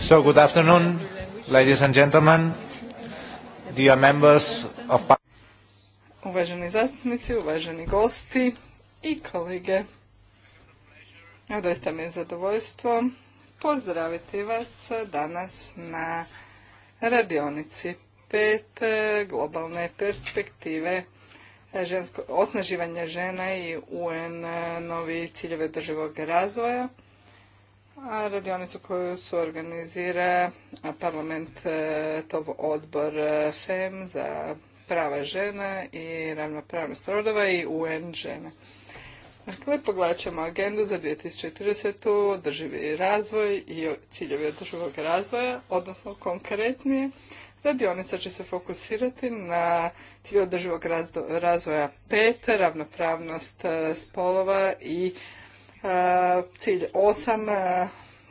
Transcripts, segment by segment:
So good afternoon, ladies and gentlemen, dear members of Uvaženi zastupnici, uvaženi gosti i kolege. Doista mi je zadovoljstvo pozdraviti vas danas na radionici pet globalne perspektive žensko, osnaživanje žena i UN e, novi ciljeve drživog razvoja. A radionicu koju su organizira parlament e, tov odbor e, FEM za prava žena i ravnopravnost rodova i UN žene. Dakle, poglačamo agendu za 2030. održivi razvoj i ciljevi održivog razvoja, odnosno konkretnije Radionica će se fokusirati na cilj održivog razvoja pet, ravnopravnost e, spolova i e, cilj osam, e,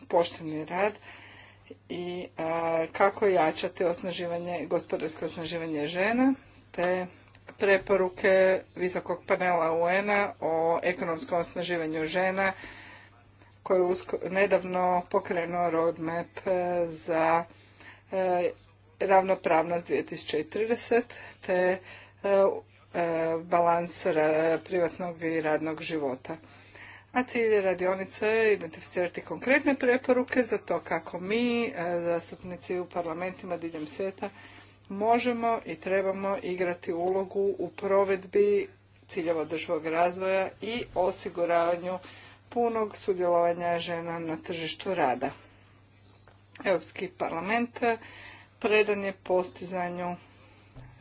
pošteni rad i kako jačati osnaživanje, gospodarsko osnaživanje žena, te preporuke visokog panela UN-a o ekonomskom osnaživanju žena koji je nedavno pokrenuo roadmap za ravnopravnost 2030 te e, balans e, privatnog i radnog života. A cilj radionice je identificirati konkretne preporuke za to kako mi, e, zastupnici u parlamentima diljem svijeta, možemo i trebamo igrati ulogu u provedbi ciljeva održivog razvoja i osiguravanju punog sudjelovanja žena na tržištu rada. Europski parlament predan je postizanju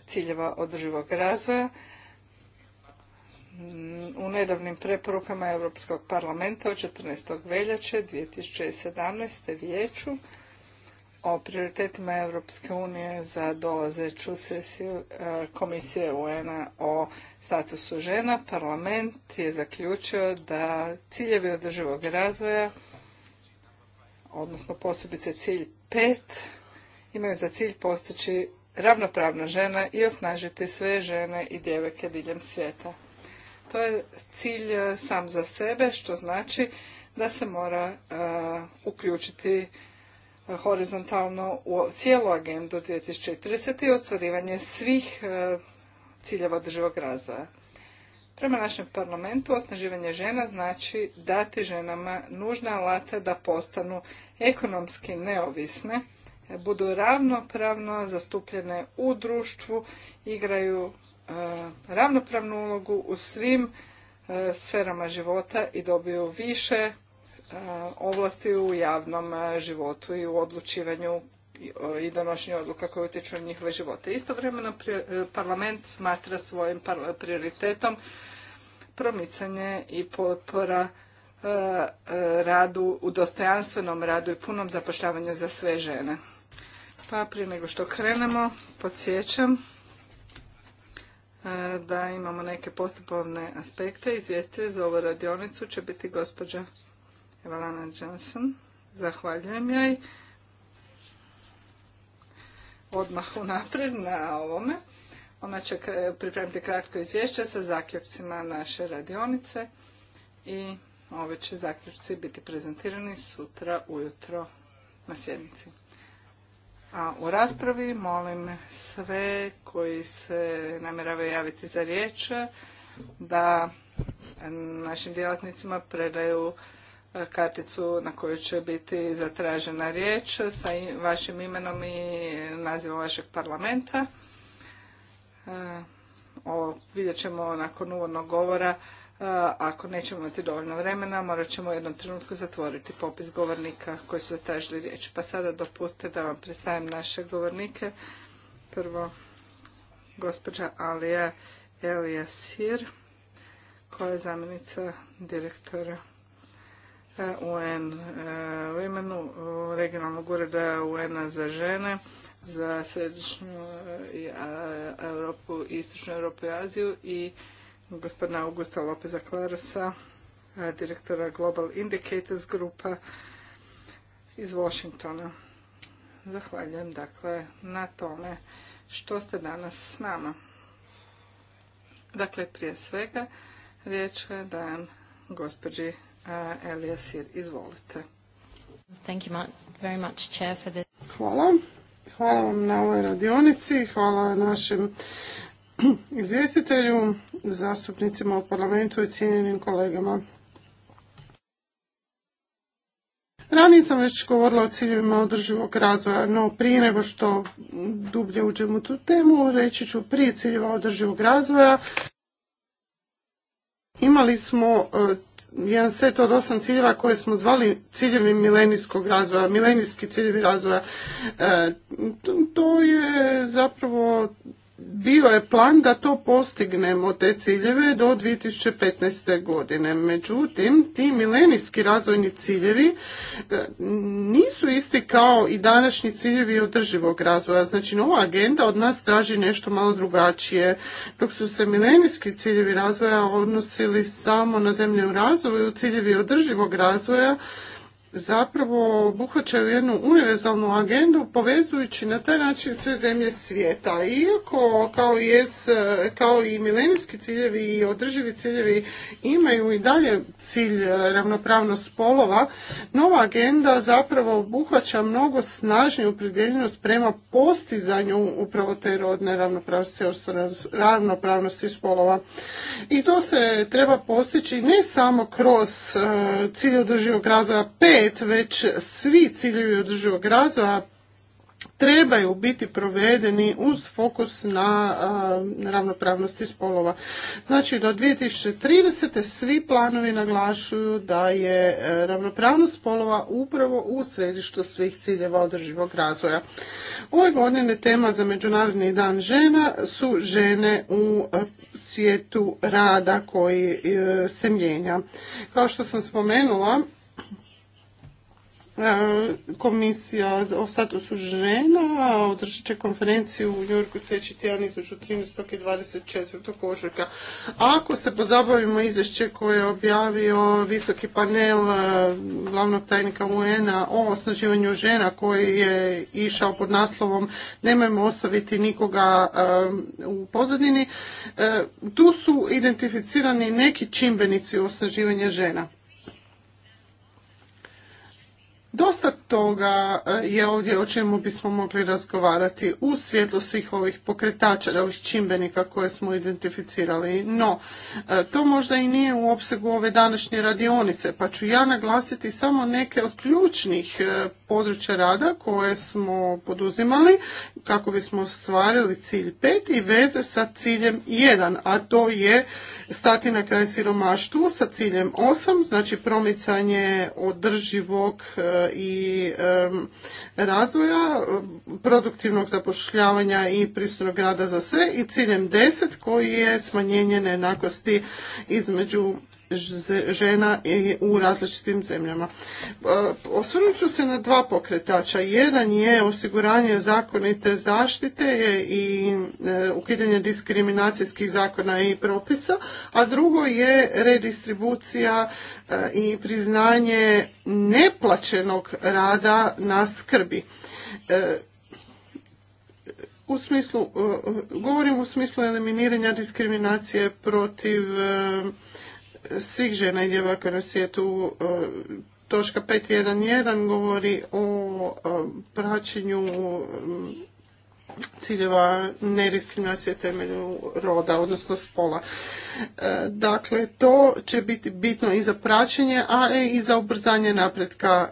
ciljeva održivog razvoja. U nedavnim preporukama Europskog parlamenta od 14. veljače 2017. vijeću o prioritetima Europske unije za dolazeću sesiju e, Komisije UN-a o statusu žena, parlament je zaključio da ciljevi održivog razvoja, odnosno posebice cilj pet imaju za cilj postići ravnopravna žena i osnažiti sve žene i djevojke diljem svijeta. To je cilj e, sam za sebe, što znači da se mora e, uključiti e, horizontalno u cijelu agendu 2030. i ostvarivanje svih ciljeva održivog razvoja. Prema našem parlamentu osnaživanje žena znači dati ženama nužne alate da postanu ekonomski neovisne budu ravnopravno zastupljene u društvu, igraju e, ravnopravnu ulogu u svim e, sferama života i dobiju više e, ovlasti u javnom životu i u odlučivanju i donošenju odluka koje utječu na njihove živote. Istovremeno parlament smatra svojim prioritetom promicanje i potpora radu, u dostojanstvenom radu i punom zapošljavanju za sve žene. Pa prije nego što krenemo, podsjećam e, da imamo neke postupovne aspekte. Izvijestitelj za ovu radionicu će biti gospođa Evalana Johnson. Zahvaljujem joj odmah unaprijed na ovome. Ona će pripremiti kratko izvješće sa zaključcima naše radionice i ove će zaključci biti prezentirani sutra ujutro na sjednici. A u raspravi molim sve koji se namjeravaju javiti za riječ da našim djelatnicima predaju e, karticu na kojoj će biti zatražena riječ sa vašim imenom i nazivom vašeg parlamenta. E, vidjet ćemo nakon uvodnog govora ako nećemo imati dovoljno vremena, morat ćemo u jednom trenutku zatvoriti popis govornika koji su zatražili riječ. Pa sada dopustite da vam predstavim naše govornike. Prvo, gospođa Alija Elija koja je zamjenica direktora e, UN e, imenu regionalnog ureda un za žene, za središnju e, Europu, istočnu Europu i Aziju i gospodina Augusta Lopeza Klarosa, direktora Global Indicators grupa iz Washingtona. Zahvaljujem dakle na tome što ste danas s nama. Dakle, prije svega riječ dajem gospođi Elija Sir. Izvolite. Hvala. Hvala vam na ovoj radionici, hvala našim izvjestitelju, zastupnicima u parlamentu i cijenjenim kolegama. Ranije sam već govorila o ciljevima održivog razvoja, no prije nego što dublje uđem u tu temu, reći ću prije ciljeva održivog razvoja. Imali smo e, jedan set od osam ciljeva koje smo zvali ciljevi milenijskog razvoja, milenijski ciljevi razvoja. E, to je zapravo bio je plan da to postignemo, te ciljeve, do 2015. godine. Međutim, ti milenijski razvojni ciljevi e, nisu isti kao i današnji ciljevi održivog razvoja. Znači, nova agenda od nas traži nešto malo drugačije. Dok su se milenijski ciljevi razvoja odnosili samo na zemlje u razvoju, ciljevi održivog razvoja zapravo obuhvaćaju jednu univerzalnu agendu povezujući na taj način sve zemlje svijeta. Iako kao, jes, kao i milenijski ciljevi i održivi ciljevi imaju i dalje cilj e, ravnopravnost spolova, nova agenda zapravo obuhvaća mnogo snažniju opredjeljenost prema postizanju upravo te rodne ravnopravnosti, ravnopravnosti spolova. I to se treba postići ne samo kroz e, cilj održivog razvoja 5, već svi ciljevi održivog razvoja trebaju biti provedeni uz fokus na ravnopravnosti spolova. Znači do 2030. svi planovi naglašuju da je e, ravnopravnost spolova upravo u središtu svih ciljeva održivog razvoja. Ove godine tema za Međunarodni dan žena su žene u e, svijetu rada koji e, se mijenja. Kao što sam spomenula, E, komisija o statusu žena održat će konferenciju u Njorku sljedeći tjedan između 13. i 24. ožujka. Ako se pozabavimo izvješće koje je objavio visoki panel e, glavnog tajnika UN-a o osnaživanju žena koji je išao pod naslovom Nemojmo ostaviti nikoga e, u pozadini, tu su identificirani neki čimbenici osnaživanja žena Dosta toga e, je ovdje o čemu bismo mogli razgovarati u svjetlu svih ovih pokretača, ovih čimbenika koje smo identificirali. No, e, to možda i nije u opsegu ove današnje radionice, pa ću ja naglasiti samo neke od ključnih e, područja rada koje smo poduzimali kako bismo ostvarili cilj pet i veze sa ciljem jedan, a to je stati na kraj siromaštvu sa ciljem osam, znači promicanje održivog i razvoja, produktivnog zapošljavanja i pristojnog rada za sve i ciljem 10 koji je smanjenje nejednakosti između žena u različitim zemljama. Pa, osvrnut ću se na dva pokretača. Jedan je osiguranje zakonite zaštite i e, ukidanje diskriminacijskih zakona i propisa, a drugo je redistribucija e, i priznanje neplaćenog rada na skrbi e, u smislu, govorim u smislu eliminiranja diskriminacije protiv svih žena i djevojaka na svijetu e, točka 5.1.1 govori o e, praćenju e, ciljeva nediskriminacije temelju roda, odnosno spola. Dakle, to će biti bitno i za praćenje, a i za ubrzanje napretka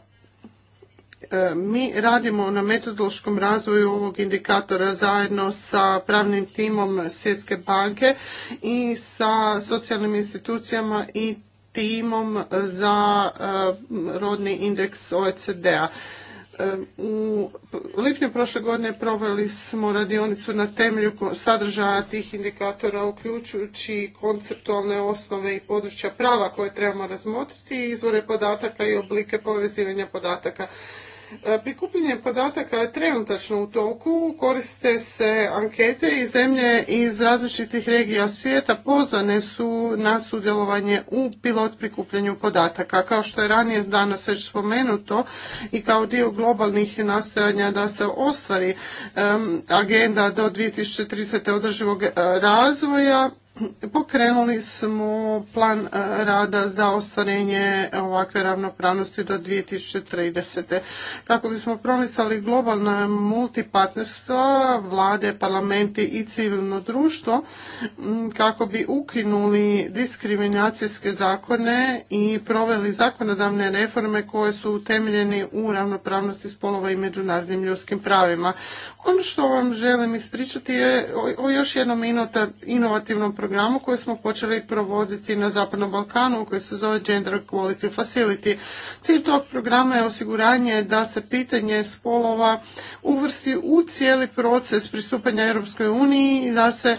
E, mi radimo na metodološkom razvoju ovog indikatora zajedno sa pravnim timom Svjetske banke i sa socijalnim institucijama i timom za e, rodni indeks OECD-a. E, u lipnju prošle godine proveli smo radionicu na temelju sadržaja tih indikatora, uključujući konceptualne osnove i područja prava koje trebamo razmotriti, izvore podataka i oblike povezivanja podataka. E, Prikupljenje podataka je trenutačno u toku, koriste se ankete i zemlje iz različitih regija svijeta pozvane su na sudjelovanje u pilot prikupljanju podataka. Kao što je ranije danas već spomenuto i kao dio globalnih nastojanja da se ostvari agenda do 2030. održivog e, razvoja, Pokrenuli smo plan e, rada za ostvarenje ovakve ravnopravnosti do 2030. Kako bismo promicali globalno multipartnerstva, vlade, parlamenti i civilno društvo, kako bi ukinuli diskriminacijske zakone i proveli zakonodavne reforme koje su utemeljeni u ravnopravnosti spolova i međunarodnim ljudskim pravima. Ono što vam želim ispričati je o još jednom inovativnom programu programu koji smo počeli provoditi na Zapadnom Balkanu koji se zove Gender Equality Facility. Cilj tog programa je osiguranje da se pitanje spolova uvrsti u cijeli proces pristupanja Europskoj uniji i da se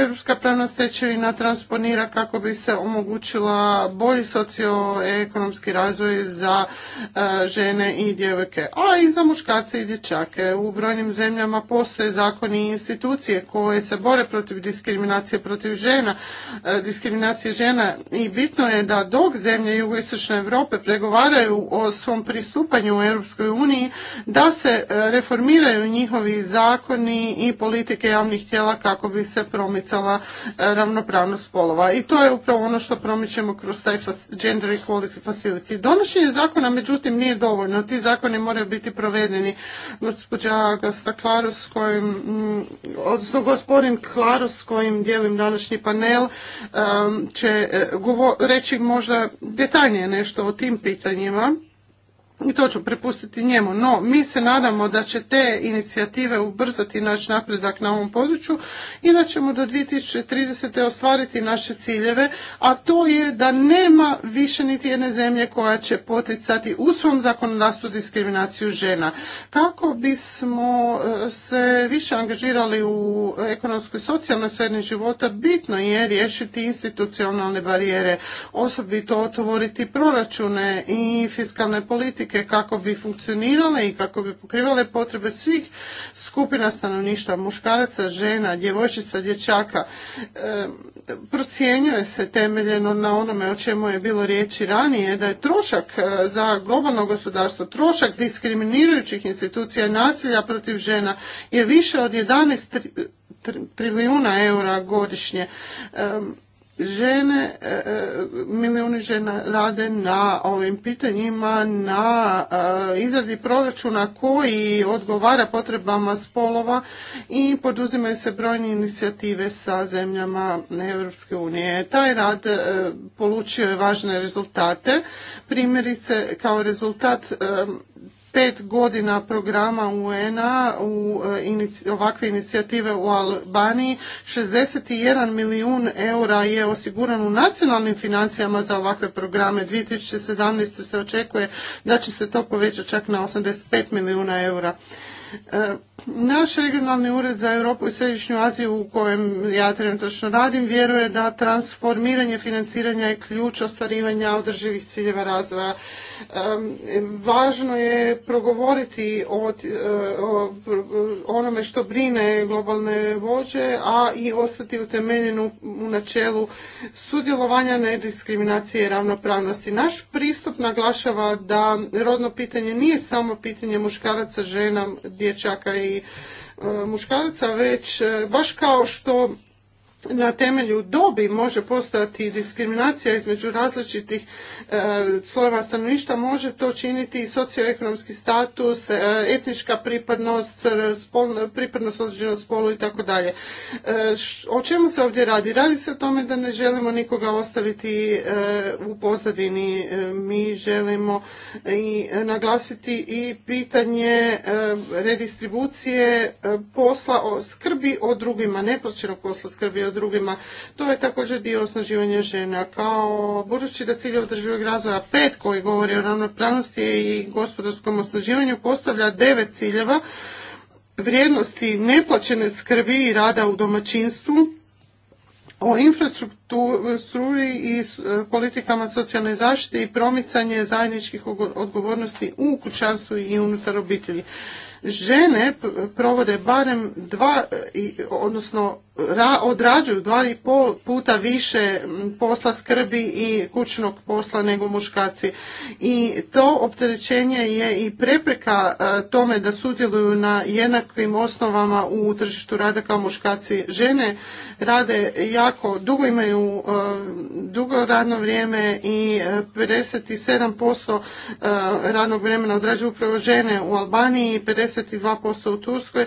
europska pravna stečevina transponira kako bi se omogućila bolji socioekonomski razvoj za e, žene i djevojke, a i za muškarce i dječake. U brojnim zemljama postoje zakoni i institucije koje se bore protiv diskriminacije diskriminacije protiv žena, e, diskriminacije žena i bitno je da dok zemlje jugoistočne Europe pregovaraju o svom pristupanju u Europskoj uniji, da se e, reformiraju njihovi zakoni i politike javnih tijela kako bi se promicala e, ravnopravnost spolova. I to je upravo ono što promičemo kroz taj Gender Equality Facility. Donošenje zakona, međutim, nije dovoljno. Ti zakoni moraju biti provedeni. Gospođa Gasta Klaros, kojim, odnosno gospodin Klaros, kojim dijelim današnji panel um, će eh, reći možda detaljnije nešto o tim pitanjima i to ću prepustiti njemu. No, mi se nadamo da će te inicijative ubrzati naš napredak na ovom području i da ćemo do 2030. ostvariti naše ciljeve, a to je da nema više niti jedne zemlje koja će poticati u svom zakonodavstvu diskriminaciju žena. Kako bismo e, se više angažirali u ekonomskoj i socijalnoj sferi života, bitno je riješiti institucionalne barijere, osobito otvoriti proračune i fiskalne politike kako bi funkcionirale i kako bi pokrivale potrebe svih skupina stanovništva, muškaraca, žena, djevojčica, dječaka. E, procjenjuje se temeljeno na onome o čemu je bilo riječi ranije, da je trošak e, za globalno gospodarstvo, trošak diskriminirajućih institucija nasilja protiv žena je više od 11 trilijuna eura godišnje. E, žene, e, e, milijuni žena rade na ovim pitanjima, na e, izradi proračuna koji odgovara potrebama spolova i poduzimaju se brojne inicijative sa zemljama Europske unije. Taj rad polučio je važne rezultate, primjerice kao rezultat pet godina programa UN-a u e, ovakve inicijative u Albaniji. 61 milijun eura je osiguran u nacionalnim financijama za ovakve programe. 2017. se očekuje da će se to povećati čak na 85 milijuna eura. E, naš regionalni ured za Europu i Središnju Aziju u kojem ja trenutno radim vjeruje da transformiranje financiranja je ključ ostvarivanja održivih ciljeva razvoja Važno je progovoriti e, o, onome što brine globalne vođe, a i ostati utemeljenu u načelu sudjelovanja, nediskriminacije i ravnopravnosti. Naš pristup naglašava da rodno pitanje nije samo pitanje muškaraca, žena, dječaka i e, muškaraca, već e, baš kao što na temelju dobi može postojati diskriminacija između različitih e, slojeva stanovništva, može to činiti i socioekonomski status, e, etnička pripadnost, pripadnost određenom spolu i tako dalje. E, o čemu se ovdje radi? Radi se o tome da ne želimo nikoga ostaviti u pozadini. Mi želimo i naglasiti i pitanje redistribucije posla o skrbi o drugima, neplaćenog posla skrbi o drugima. To je također dio osnaživanja žena. Kao budući da cilje održivog razvoja pet koji govori o ravnopravnosti i gospodarskom osnaživanju postavlja devet ciljeva vrijednosti neplaćene skrbi i rada u domaćinstvu, o infrastrukturi i e, politikama socijalne zaštite i promicanje zajedničkih odgovornosti u kućanstvu i unutar obitelji. Žene provode barem dva, odnosno odrađuju dva i pol puta više posla skrbi i kućnog posla nego muškarci. I to opterećenje je i prepreka e, tome da sudjeluju na jednakim osnovama u tržištu rada kao muškarci. Žene rade jako dugo, imaju e, dugo radno vrijeme i 57% e, radnog vremena odrađuju upravo žene u Albaniji, 52% u Turskoj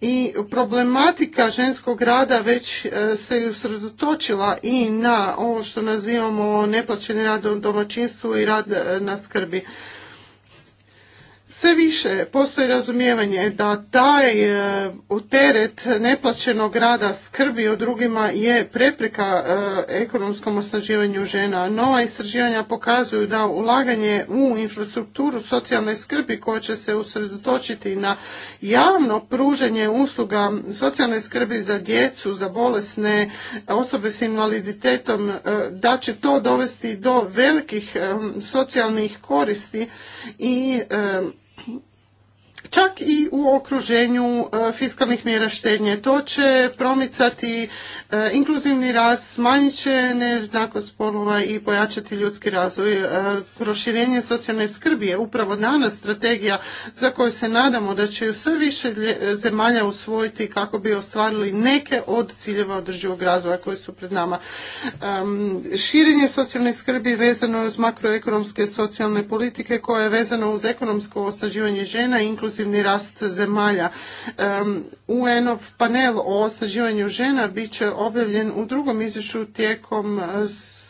i problematika ženskog rada već e, se i usredotočila i na ovo što nazivamo neplaćeni rad u domaćinstvu i rad e, na skrbi sve više postoji razumijevanje da taj e, teret neplaćenog rada skrbi o drugima je prepreka e, ekonomskom osnaživanju žena. Nova istraživanja pokazuju da ulaganje u infrastrukturu socijalne skrbi koja će se usredotočiti na javno pružanje usluga socijalne skrbi za djecu, za bolesne osobe s invaliditetom, e, da će to dovesti do velikih socijalnih koristi i Hm čak i u okruženju e, fiskalnih mjera štednje. To će promicati e, inkluzivni rast, smanjit će nejednakost spolova i pojačati ljudski razvoj. E, proširenje socijalne skrbi je upravo danas strategija za koju se nadamo da će ju sve više zemalja usvojiti kako bi ostvarili neke od ciljeva održivog razvoja koji su pred nama. Širenje socijalne skrbi vezano je uz makroekonomske socijalne politike koje je vezano uz ekonomsko osnaživanje žena i inkluzivni rast zemalja. un panel o osnaživanju žena bit će objavljen u drugom izvješću tijekom e,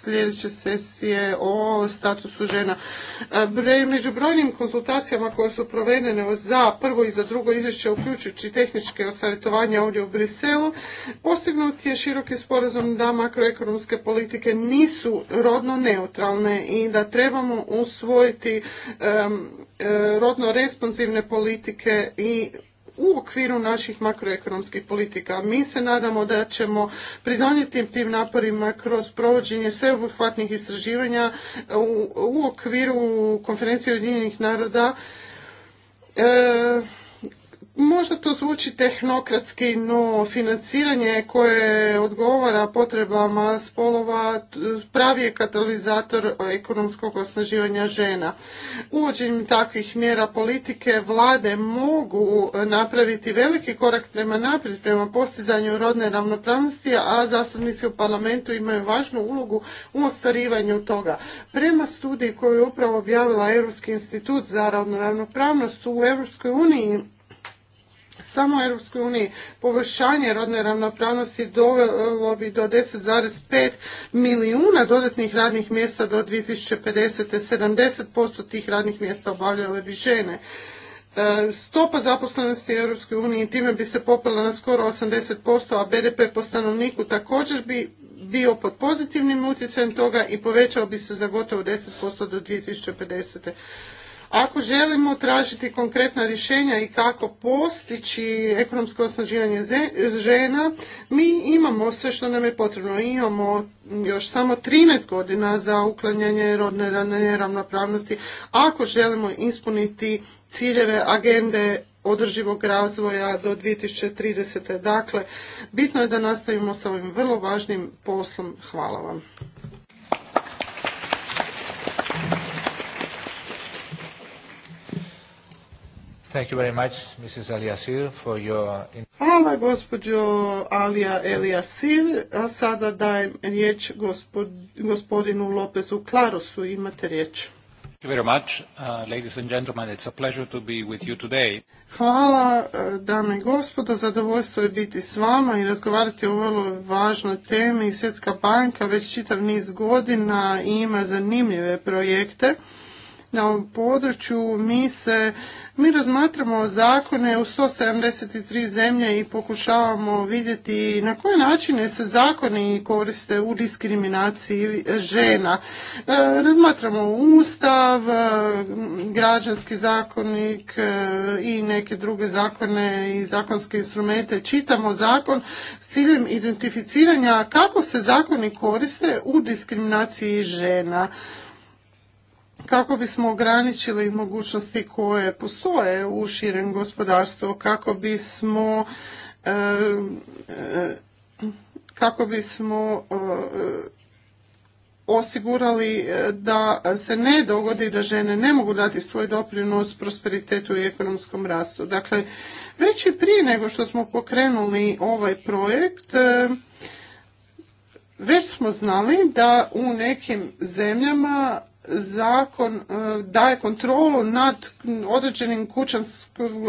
sljedeće sesije o statusu žena. E, među brojnim konsultacijama koje su provedene za prvo i za drugo izvješće, uključujući tehničke savjetovanja ovdje u Briselu, postignut je široki sporazum da makroekonomske politike nisu rodno neutralne i da trebamo usvojiti e, rodno responsivne politike politike i u okviru naših makroekonomskih politika. Mi se nadamo da ćemo pridonijeti tim naporima kroz provođenje sveobuhvatnih istraživanja u, okviru konferencije Ujedinjenih naroda e, Možda to zvuči tehnokratski, no financiranje koje odgovara potrebama spolova pravi je katalizator ekonomskog osnaživanja žena. Uvođenjem takvih mjera politike vlade mogu napraviti veliki korak prema naprijed, prema postizanju rodne ravnopravnosti, a zastupnici u parlamentu imaju važnu ulogu u ostvarivanju toga. Prema studiji koju je upravo objavila Europski institut za rodnu ravnopravnost u Europskoj uniji, samo Europskoj uniji poboljšanje rodne ravnopravnosti dovelo bi do 10,5 milijuna dodatnih radnih mjesta do 2050. 70% tih radnih mjesta obavljale bi žene. E, stopa zaposlenosti u Europskoj uniji time bi se popela na skoro 80%, a BDP po stanovniku također bi bio pod pozitivnim utjecajem toga i povećao bi se za gotovo 10% do 2050. Ako želimo tražiti konkretna rješenja i kako postići ekonomsko osnaživanje žena, mi imamo sve što nam je potrebno. Imamo još samo 13 godina za uklanjanje rodne neravnopravnosti ako želimo ispuniti ciljeve agende održivog razvoja do 2030. Dakle, bitno je da nastavimo sa ovim vrlo važnim poslom. Hvala vam. Thank you very Hvala gospođo Alija Eliasir. A sada dajem riječ gospodinu Lopezu Klarosu. Imate riječ. Thank very much, Hvala, dame i gospodo. Zadovoljstvo je biti s vama i razgovarati o vrlo važnoj temi. Svjetska banka već čitav niz godina ima zanimljive projekte na ovom području mi se, mi razmatramo zakone u 173 zemlje i pokušavamo vidjeti na koje načine se zakoni koriste u diskriminaciji žena. E, razmatramo ustav, e, građanski zakonik e, i neke druge zakone i zakonske instrumente. Čitamo zakon s ciljem identificiranja kako se zakoni koriste u diskriminaciji žena kako bismo ograničili mogućnosti koje postoje u širem gospodarstvu, kako bismo e, e, kako bismo e, osigurali da se ne dogodi da žene ne mogu dati svoj doprinos prosperitetu i ekonomskom rastu. Dakle, već i prije nego što smo pokrenuli ovaj projekt, već smo znali da u nekim zemljama zakon e, daje kontrolu nad određenim kućanskom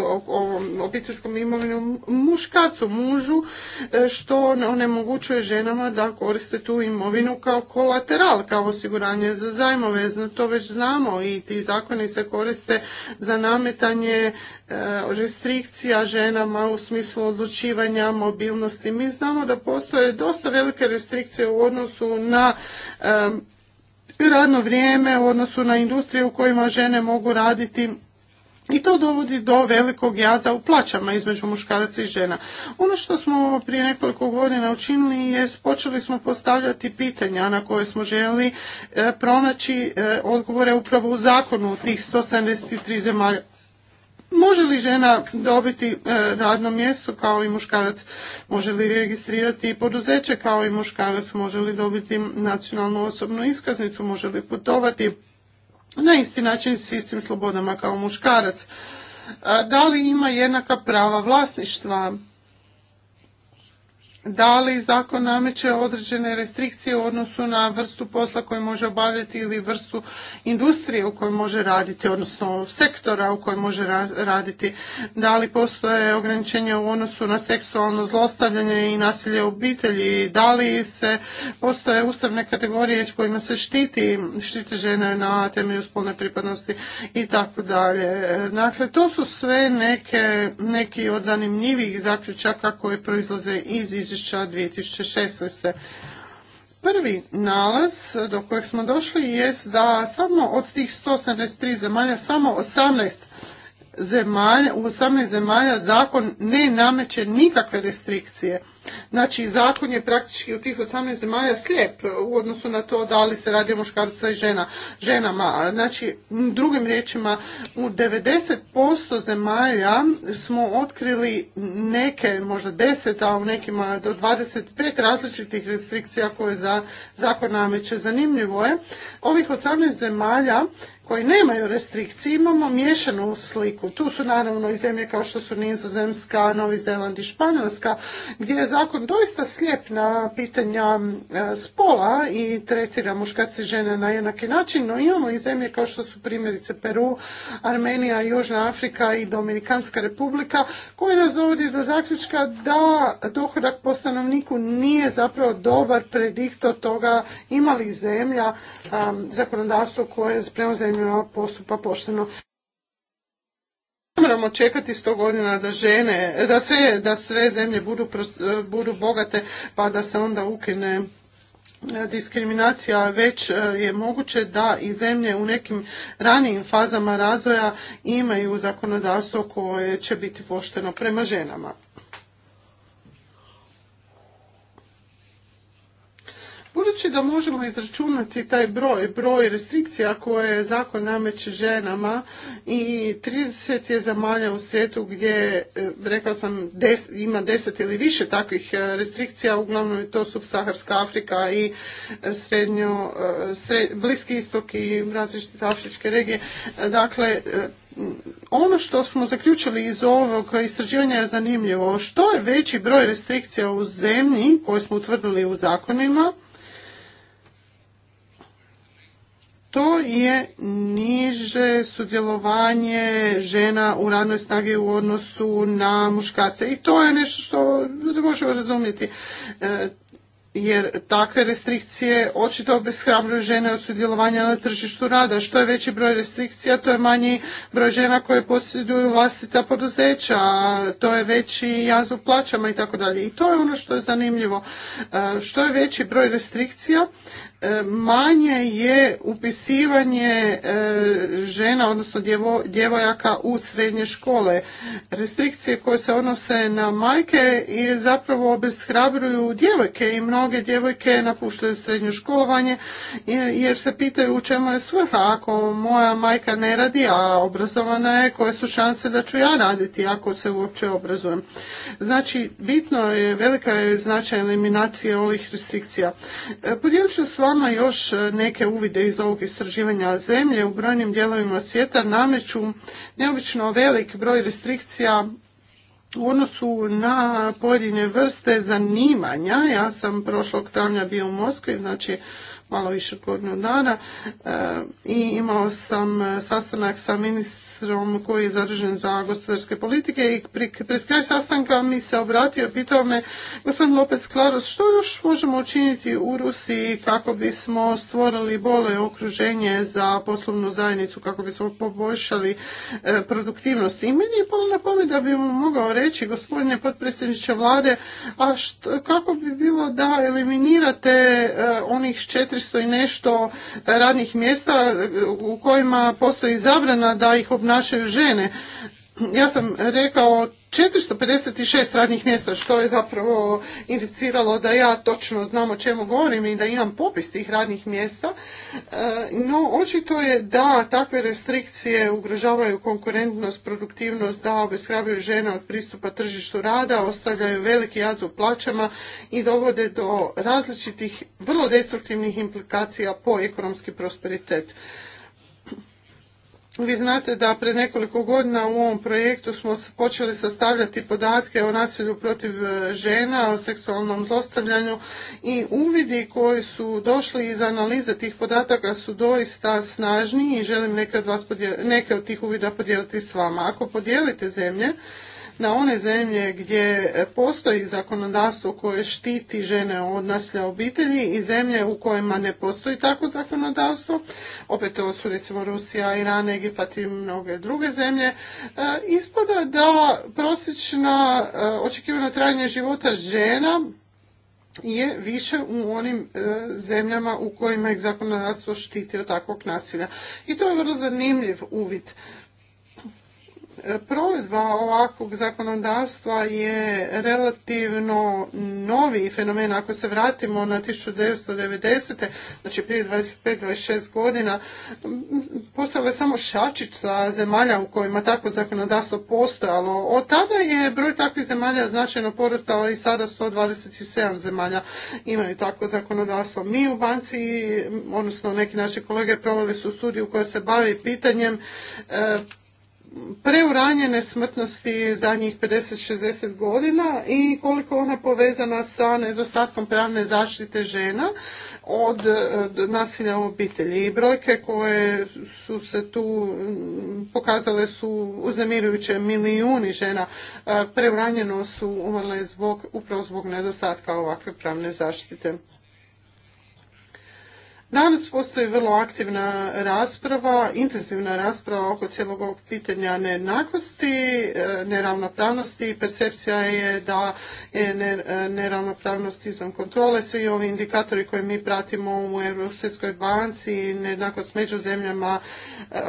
obiteljskom imovinom muškacu, mužu, e, što onemogućuje ženama da koriste tu imovinu kao kolateral, kao osiguranje za zajmove. to već znamo i ti zakoni se koriste za nametanje e, restrikcija ženama u smislu odlučivanja mobilnosti. Mi znamo da postoje dosta velike restrikcije u odnosu na radno vrijeme u odnosu na industrije u kojima žene mogu raditi i to dovodi do velikog jaza u plaćama između muškaraca i žena. Ono što smo prije nekoliko godina učinili je počeli smo postavljati pitanja na koje smo željeli e, pronaći e, odgovore upravo u zakonu tih 173 zemalja Može li žena dobiti e, radno mjesto kao i muškarac? Može li registrirati i poduzeće kao i muškarac? Može li dobiti nacionalnu osobnu iskaznicu? Može li putovati na isti način s istim slobodama kao muškarac? Da li ima jednaka prava vlasništva? da li zakon nameće određene restrikcije u odnosu na vrstu posla koji može obavljati ili vrstu industrije u kojoj može raditi, odnosno sektora u kojoj može raditi, da li postoje ograničenja u odnosu na seksualno zlostavljanje i nasilje u obitelji, da li se postoje ustavne kategorije kojima se štiti, štite žene na temelju spolne pripadnosti i tako dalje. Dakle, to su sve neke, neki od zanimljivih zaključaka koje proizlaze iz izvješća izvješća 2016. Prvi nalaz do kojeg smo došli jest da samo od tih 173 zemalja, samo 18 zemalja, u 18 zemalja zakon ne nameće nikakve restrikcije Znači, zakon je praktički u tih 18 zemalja slijep u odnosu na to da li se radi o muškarca i žena, ženama. Znači, drugim riječima, u 90% zemalja smo otkrili neke, možda 10, a u nekima do 25 različitih restrikcija koje za zakon nameće. Zanimljivo je, ovih 18 zemalja koji nemaju restrikcije imamo miješanu sliku. Tu su naravno i zemlje kao što su Nizozemska, Novi Zeland i Španjolska, gdje je zakon doista slijep na pitanja e, spola i tretira muškarci i žene na jednaki način, no imamo i zemlje kao što su primjerice Peru, Armenija, Južna Afrika i Dominikanska republika, koji nas dovodi do zaključka da dohodak po stanovniku nije zapravo dobar prediktor toga imali li zemlja e, zakonodavstvo koje prema zemljama postupa pošteno moramo čekati sto godina da žene, da sve, da sve zemlje budu, e, budu bogate pa da se onda ukine e, diskriminacija već e, je moguće da i zemlje u nekim ranijim fazama razvoja imaju zakonodavstvo koje će biti pošteno prema ženama. Budući da možemo izračunati taj broj, broj restrikcija koje zakon nameće ženama i 30 je zemalja u svijetu gdje, e, rekao sam, ima 10 ili više takvih e, restrikcija, uglavnom to to Saharska Afrika i e, srednjo, Bliski istok i različite afričke regije. Dakle, ono što smo zaključili iz ovog istraživanja je zanimljivo. Što je veći broj restrikcija u zemlji koje smo utvrdili u zakonima, to je niže sudjelovanje žena u radnoj snagi u odnosu na muškarce. I to je nešto što ljudi možemo razumjeti. E, jer takve restrikcije očito obeshrabruju žene od sudjelovanja na tržištu rada. Što je veći broj restrikcija, to je manji broj žena koje posjeduju vlastita poduzeća, to je veći jaz u plaćama i tako dalje. I to je ono što je zanimljivo. E, što je veći broj restrikcija, e, manje je upisivanje e, žena, odnosno djevojaka u srednje škole. Restrikcije koje se odnose na majke zapravo obeshrabruju djevojke i mnogo mnoge djevojke napuštaju srednje školovanje jer se pitaju u čemu je svrha. Ako moja majka ne radi, a obrazovana je, koje su šanse da ću ja raditi ako se uopće obrazujem. Znači, bitno je, velika je značaj eliminacije ovih restrikcija. E, podijelit ću s vama još neke uvide iz ovog istraživanja zemlje. U brojnim dijelovima svijeta nameću neobično velik broj restrikcija u odnosu na pojedine vrste zanimanja, ja sam prošlog travnja bio u Moskvi, znači malo više od godinu dana e, i imao sam e, sastanak sa ministrom koji je zadužen za gospodarske politike i pred kraj sastanka mi se obratio pitao me gospodin Lopez Klaros što još možemo učiniti u Rusiji kako bismo stvorili bolje okruženje za poslovnu zajednicu, kako bismo poboljšali e, produktivnost. I meni je polo na pamet da bi mu mogao reći gospodine potpredsjedniče vlade, a što, kako bi bilo da eliminirate onih četiri 400 i nešto radnih mjesta u kojima postoji zabrana da ih obnašaju žene ja sam rekao 456 radnih mjesta, što je zapravo indiciralo da ja točno znam o čemu govorim i da imam popis tih radnih mjesta. E, no, očito je da takve restrikcije ugrožavaju konkurentnost, produktivnost, da obeshrabljuju žene od pristupa tržištu rada, ostavljaju veliki jaz u plaćama i dovode do različitih vrlo destruktivnih implikacija po ekonomski prosperitet vi znate da pre nekoliko godina u ovom projektu smo počeli sastavljati podatke o nasilju protiv e, žena, o seksualnom zlostavljanju i uvidi koji su došli iz analize tih podataka su doista snažni i želim neke neke od tih uvida podijeliti s vama. Ako podijelite zemlje, na one zemlje gdje postoji zakonodavstvo koje štiti žene od nasilja obitelji i zemlje u kojima ne postoji takvo zakonodavstvo, opet to su recimo Rusija, Iran, Egipat i mnoge druge zemlje, e, ispada da prosječna e, očekivana trajanje života žena je više u onim e, zemljama u kojima ih zakonodavstvo štiti od takvog nasilja. I to je vrlo zanimljiv uvid. Provedba ovakvog zakonodavstva je relativno novi fenomen. Ako se vratimo na 1990. znači prije 25-26 godina, postojala je samo šačica zemalja u kojima takvo zakonodavstvo postojalo. Od tada je broj takvih zemalja značajno porastao i sada 127 zemalja imaju takvo zakonodavstvo. Mi u banci, odnosno neki naši kolege proveli su studiju koja se bavi pitanjem e, preuranjene smrtnosti zadnjih 50-60 godina i koliko ona povezana sa nedostatkom pravne zaštite žena od nasilja u obitelji. I brojke koje su se tu pokazale su uznemirujuće milijuni žena preuranjeno su umrle zbog, upravo zbog nedostatka ovakve pravne zaštite. Danas postoji vrlo aktivna rasprava, intenzivna rasprava oko cijelog ovog pitanja nejednakosti, e, neravnopravnosti i percepcija je da je e, neravnopravnost izvan kontrole. Svi ovi indikatori koje mi pratimo u Europskoj banci, nejednakost među zemljama, e,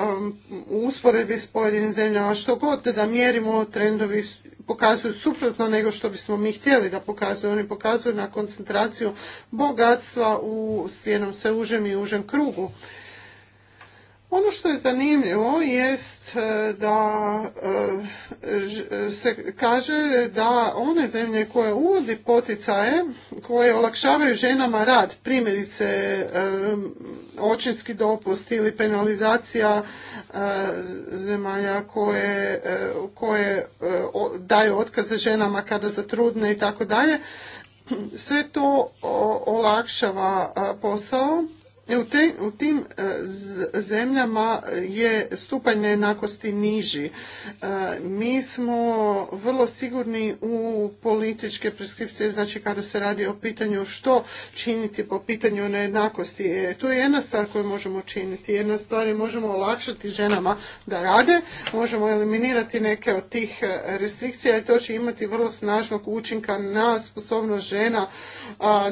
u usporedbi s pojedinim zemljama, što god da mjerimo, trendovi pokazuju suprotno nego što bismo mi htjeli da pokazuju. Oni pokazuju na koncentraciju bogatstva u jednom sve užem i užem krugu. Ono što je zanimljivo jest e, da e, se kaže da one zemlje koje uvodi poticaje, koje olakšavaju ženama rad, primjerice e, očinski dopust ili penalizacija zemalja koje, daju otkaze ženama kada zatrudne i tako dalje, sve to olakšava posao E, u, u tim e, zemljama je stupanj nejednakosti niži. E, mi smo vrlo sigurni u političke preskripcije, znači kada se radi o pitanju što činiti po pitanju nejednakosti. To je jedna stvar koju možemo činiti. Jedna stvar je možemo olakšati ženama da rade, možemo eliminirati neke od tih restrikcija i to će imati vrlo snažnog učinka na sposobnost žena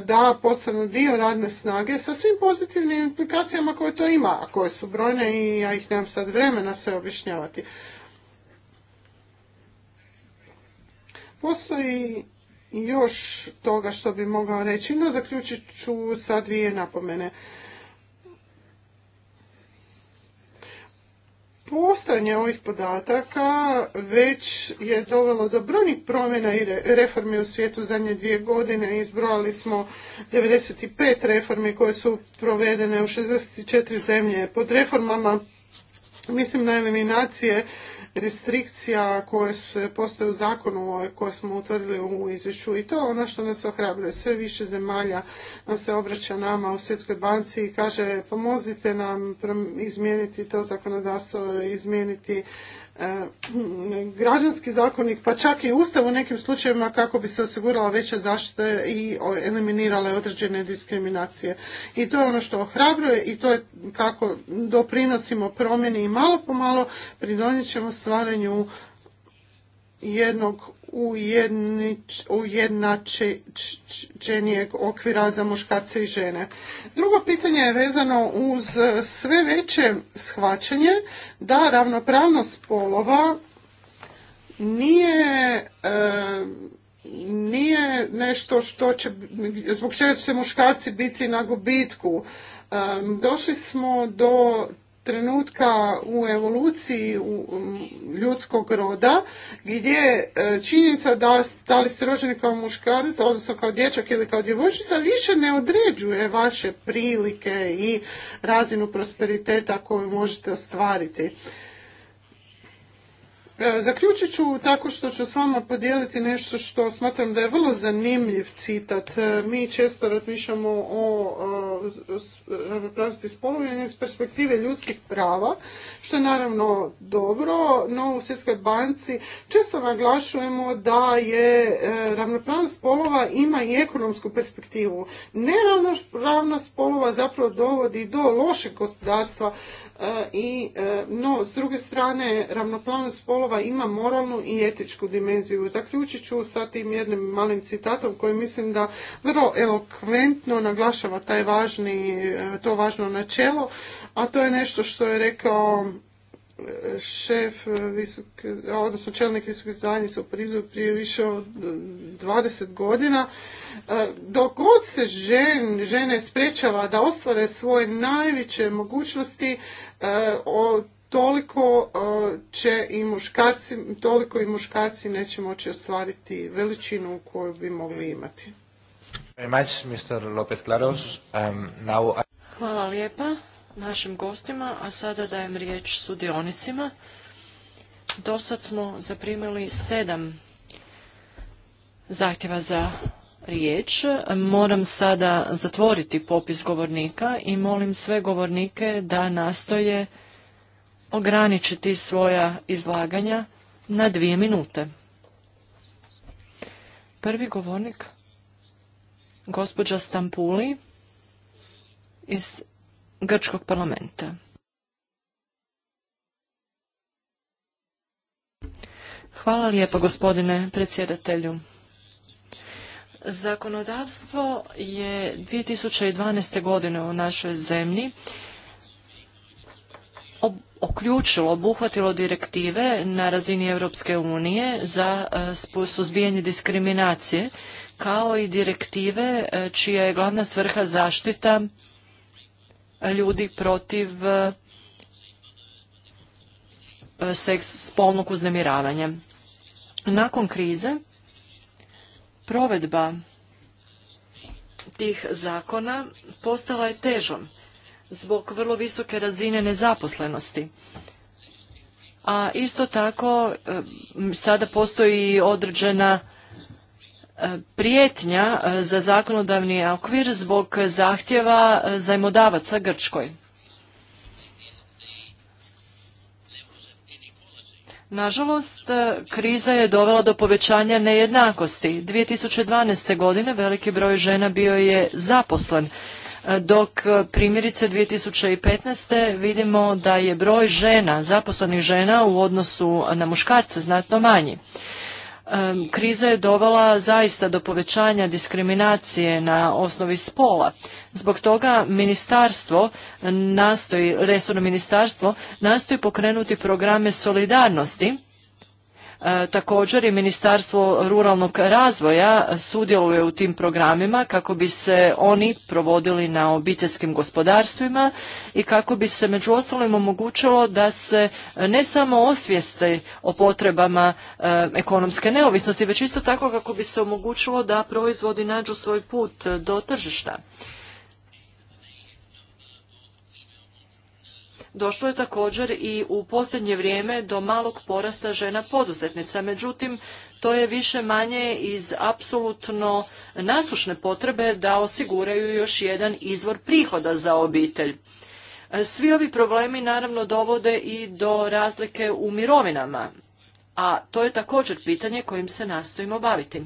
da postanu dio radne snage sa svim pozitivnim implikacijama koje to ima, a koje su brojne i ja ih nemam sad vremena sve objašnjavati. Postoji još toga što bi mogao reći, no zaključit ću sa dvije napomene. Postojanje ovih podataka već je dovelo do brojnih promjena i reformi u svijetu zadnje dvije godine. Izbrojali smo 95 reformi koje su provedene u 64 zemlje. Pod reformama mislim na eliminacije restrikcija koje su, postoje u zakonu koje smo utvrdili u izvješću i to je ono što nas ohrabruje. Sve više zemalja nam se obraća nama u Svjetskoj banci i kaže pomozite nam izmijeniti to zakonodavstvo, izmijeniti E, građanski zakonik, pa čak i ustav u nekim slučajevima kako bi se osigurala veća zaštita i eliminirale određene diskriminacije. I to je ono što ohrabruje i to je kako doprinosimo promjeni i malo po malo pridonijet ćemo stvaranju jednog ujednačenijeg okvira za muškarce i žene. Drugo pitanje je vezano uz sve veće shvaćanje da ravnopravnost spolova nije e, nije nešto što će, zbog čega će muškarci biti na gubitku. E, došli smo do trenutka u evoluciji um, ljudskog roda gdje e, činjenica da, da li ste rođeni kao muškarac, odnosno kao dječak ili kao djevojčica više ne određuje vaše prilike i razinu prosperiteta koju možete ostvariti. E, zaključit ću tako što ću s vama podijeliti nešto što smatram da je vrlo zanimljiv citat. E, mi često razmišljamo o ravnopravnosti spolova iz perspektive ljudskih prava, što je naravno dobro, no u Svjetskoj banci često naglašujemo da je e, ravnopravnost spolova ima i ekonomsku perspektivu. Neravnopravnost spolova zapravo dovodi do lošeg gospodarstva i no s druge strane ravnopravnost spolova spolova ima moralnu i etičku dimenziju. Zaključit ću sa tim jednim malim citatom koji mislim da vrlo elokventno naglašava taj važni, e, to važno načelo, a to je nešto što je rekao e, šef e, visok, odnosno čelnik visokih zajednice u Parizu prije više od 20 godina. Dok god se žene sprečava da ostvare svoje najveće mogućnosti, toliko e, će i muškarci, toliko i muškarci neće moći ostvariti veličinu koju bi mogli imati. Um, Hvala lijepa našim gostima, a sada dajem riječ sudionicima. Do smo zaprimili sedam zahtjeva za riječ. Moram sada zatvoriti popis govornika i molim sve govornike da nastoje ograničiti svoja izlaganja na dvije minute. Prvi govornik, gospođa Stampuli iz Grčkog parlamenta. Hvala lijepo gospodine predsjedatelju. Zakonodavstvo je 2012. godine u našoj zemlji oključilo, obuhvatilo direktive na razini Europske unije za e, suzbijanje diskriminacije, kao i direktive e, čija je glavna svrha zaštita ljudi protiv e, spolnog uznemiravanja. Nakon krize provedba tih zakona postala je težom zbog vrlo visoke razine nezaposlenosti. A isto tako e, sada postoji određena e, prijetnja e, za zakonodavni okvir zbog zahtjeva zajmodavaca Grčkoj. Nažalost, kriza je dovela do povećanja nejednakosti. 2012. godine veliki broj žena bio je zaposlen dok e, primjerice 2015. vidimo da je broj žena, zaposlenih žena u odnosu na muškarce znatno manji. E, kriza je dovela zaista do povećanja diskriminacije na osnovi spola. Zbog toga ministarstvo nastoji, resorno ministarstvo nastoji pokrenuti programe solidarnosti E, također i Ministarstvo ruralnog razvoja sudjeluje u tim programima kako bi se oni provodili na obiteljskim gospodarstvima i kako bi se među ostalim omogućilo da se ne samo osvijeste o potrebama e, ekonomske neovisnosti, već isto tako kako bi se omogućilo da proizvodi nađu svoj put do tržišta. došlo je također i u posljednje vrijeme do malog porasta žena poduzetnica. Međutim, to je više manje iz apsolutno nasušne potrebe da osiguraju još jedan izvor prihoda za obitelj. E, svi ovi problemi naravno dovode i do razlike u mirovinama, a to je također pitanje kojim se nastojimo baviti.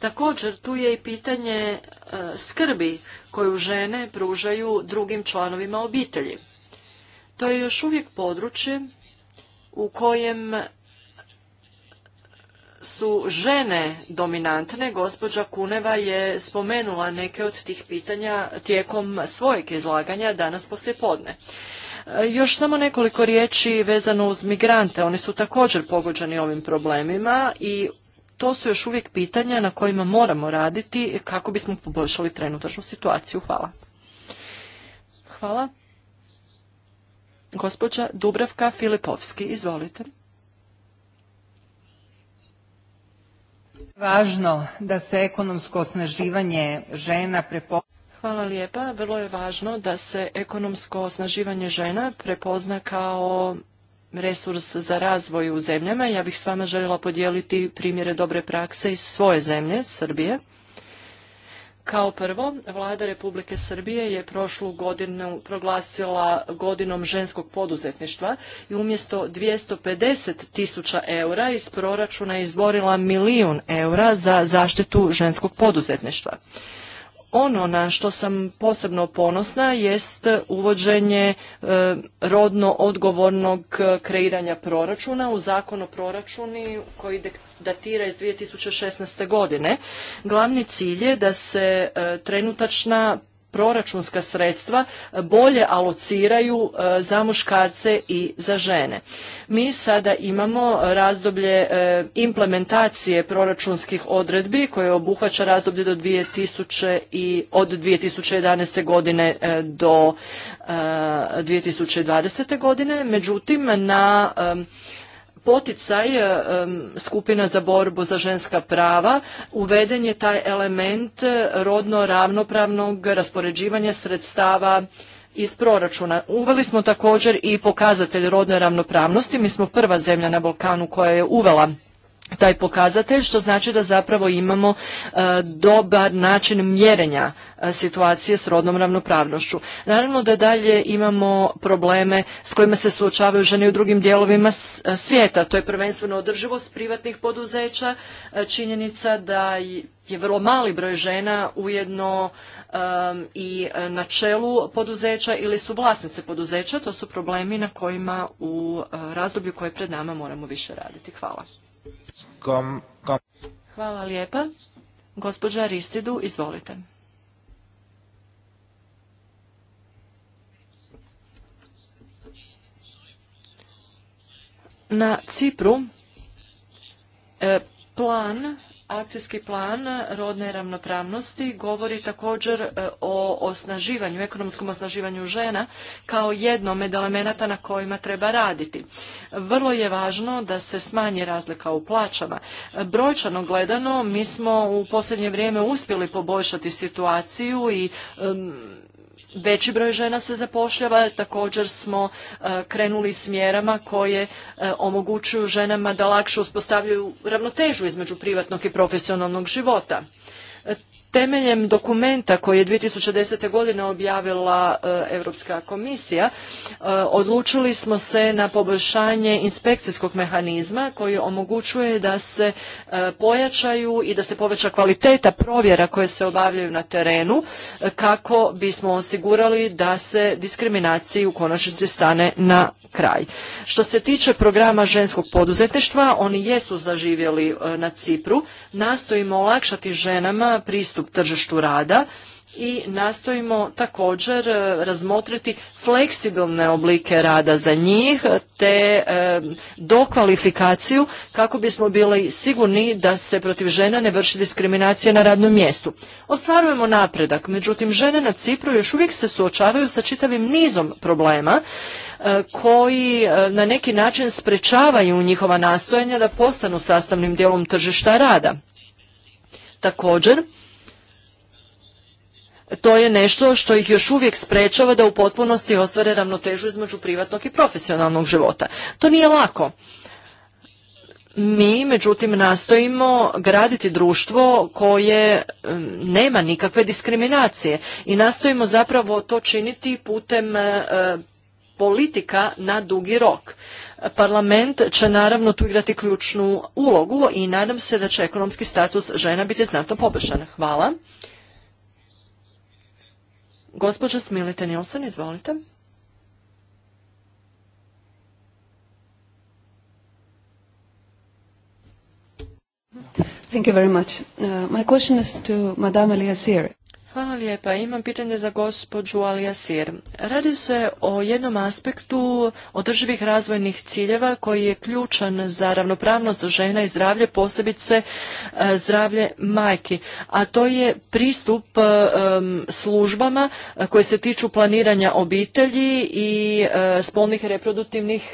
Također, tu je i pitanje e, skrbi koju žene pružaju drugim članovima obitelji. To je još uvijek područje u kojem su žene dominantne. Gospođa Kuneva je spomenula neke od tih pitanja tijekom svojeg izlaganja danas podne. E, još samo nekoliko riječi vezano uz migrante. Oni su također pogođeni ovim problemima i to su još uvijek pitanja na kojima moramo raditi kako bismo poboljšali trenutačnu situaciju. Hvala. Hvala. Gospođa Dubravka Filipovski, izvolite. Važno da se ekonomsko osnaživanje žena prepozna. Hvala lijepa. Vrlo je važno da se ekonomsko osnaživanje žena prepozna kao resurs za razvoj u zemljama. Ja bih s vama željela podijeliti primjere dobre prakse iz svoje zemlje, Srbije. Kao prvo, vlada Republike Srbije je prošlu godinu proglasila godinom ženskog poduzetništva i umjesto 250 tisuća eura iz proračuna izborila milijun eura za zaštitu ženskog poduzetništva. Ono na što sam posebno ponosna jest uvođenje e, rodno odgovornog kreiranja proračuna u zakon o proračuni koji datira iz 2016. godine. Glavni cilj je da se e, trenutačna proračunska sredstva bolje alociraju e, za muškarce i za žene. Mi sada imamo razdoblje e, implementacije proračunskih odredbi koje obuhvaća razdoblje do 2000 i od 2011. godine e, do 2020. godine. Međutim, na poticaj e, skupina za borbu za ženska prava uveden je taj element rodno ravnopravnog raspoređivanja sredstava iz proračuna. Uveli smo također i pokazatelj rodne ravnopravnosti. Mi smo prva zemlja na Balkanu koja je uvela taj pokazatelj, što znači da zapravo imamo e, dobar način mjerenja e, situacije s rodnom ravnopravnošću. Naravno da dalje imamo probleme s kojima se suočavaju žene u drugim dijelovima e, svijeta. To je prvenstveno održivost privatnih poduzeća, činjenica da je vrlo mali broj žena ujedno i na čelu poduzeća ili su vlasnice poduzeća. To su problemi na kojima u razdoblju koje pred nama moramo više raditi. Hvala. Hvala lijepa. Gospođa Ristidu, izvolite. Na Cipru e, plan Akcijski plan rodne ravnopravnosti govori također e, o osnaživanju, ekonomskom osnaživanju žena kao jednom od elemenata na kojima treba raditi. Vrlo je važno da se smanji razlika u plaćama. Brojčano gledano mi smo u posljednje vrijeme uspjeli poboljšati situaciju i veći broj žena se zapošljava, također smo e, krenuli s mjerama koje e, omogućuju ženama da lakše uspostavljaju ravnotežu između privatnog i profesionalnog života. E, Temeljem dokumenta koji je 2010. godine objavila e, Europska komisija, e, odlučili smo se na poboljšanje inspekcijskog mehanizma koji omogućuje da se e, pojačaju i da se poveća kvaliteta provjera koje se obavljaju na terenu kako bismo osigurali da se diskriminaciji u konačnici stane na kraj. Što se tiče programa ženskog poduzetništva, oni jesu zaživjeli e, na Cipru. Nastojimo olakšati ženama pristup tržištu rada i nastojimo također e, razmotriti fleksibilne oblike rada za njih te e, dokvalifikaciju kako bismo bili sigurni da se protiv žena ne vrši diskriminacija na radnom mjestu. Ostvarujemo napredak, međutim žene na Cipru još uvijek se suočavaju sa čitavim nizom problema e, koji na neki način sprečavaju njihova nastojanja da postanu sastavnim dijelom tržišta rada. Također, to je nešto što ih još uvijek sprečava da u potpunosti ostvare ravnotežu između privatnog i profesionalnog života. To nije lako. Mi, međutim, nastojimo graditi društvo koje nema nikakve diskriminacije i nastojimo zapravo to činiti putem e, politika na dugi rok. Parlament će naravno tu igrati ključnu ulogu i nadam se da će ekonomski status žena biti znatno poboljšan. Hvala. Gospođa Smilite Nilsen, izvolite. Thank you very much. Uh, my question is to Madame Siri. Hvala lijepa. Imam pitanje za gospođu Alijasir. Radi se o jednom aspektu održivih razvojnih ciljeva koji je ključan za ravnopravnost žena i zdravlje, posebice e, zdravlje majki. A to je pristup e, službama e, koje se tiču planiranja obitelji i spolnih reproduktivnih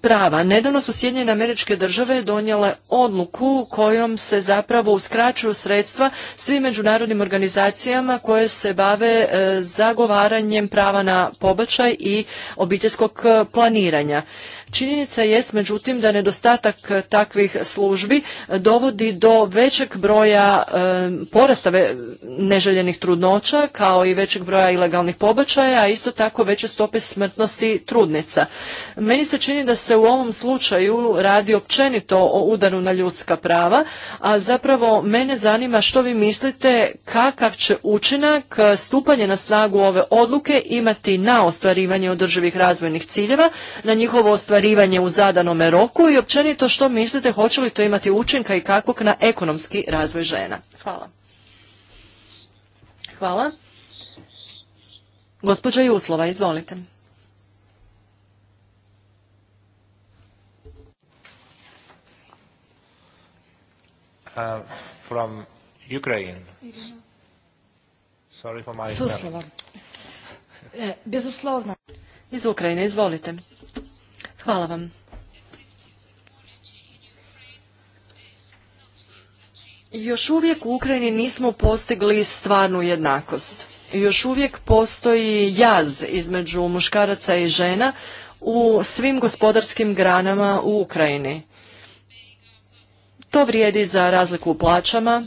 prava. Nedavno su Sjedinjene američke države donijele odluku kojom se zapravo uskraćuju sredstva svim međunarodnim organizacijama koje se bave e, zagovaranjem prava na pobačaj i obiteljskog e, planiranja. Činjenica jest međutim da nedostatak e, takvih službi e, dovodi do većeg broja e, porasta porastave neželjenih trudnoća kao i većeg broja ilegalnih pobačaja, a isto tako veće stope smrtnosti trudnica. Meni se čini da se u ovom slučaju radi općenito o udaru na ljudska prava, a zapravo mene zanima što vi mislite kakav će učinak stupanje na snagu ove odluke imati na ostvarivanje održivih razvojnih ciljeva, na njihovo ostvarivanje ostvarivanje u zadanome roku i općenito što mislite hoće li to imati učinka i kakvog na ekonomski razvoj žena? Hvala. Hvala. Gospođa Juslova, izvolite. Uh, from Ukraine. Sorry for my e, Iz Ukrajine, izvolite. Hvala vam. Još uvijek u Ukrajini nismo postigli stvarnu jednakost. Još uvijek postoji jaz između muškaraca i žena u svim gospodarskim granama u Ukrajini. To vrijedi za razliku u plaćama,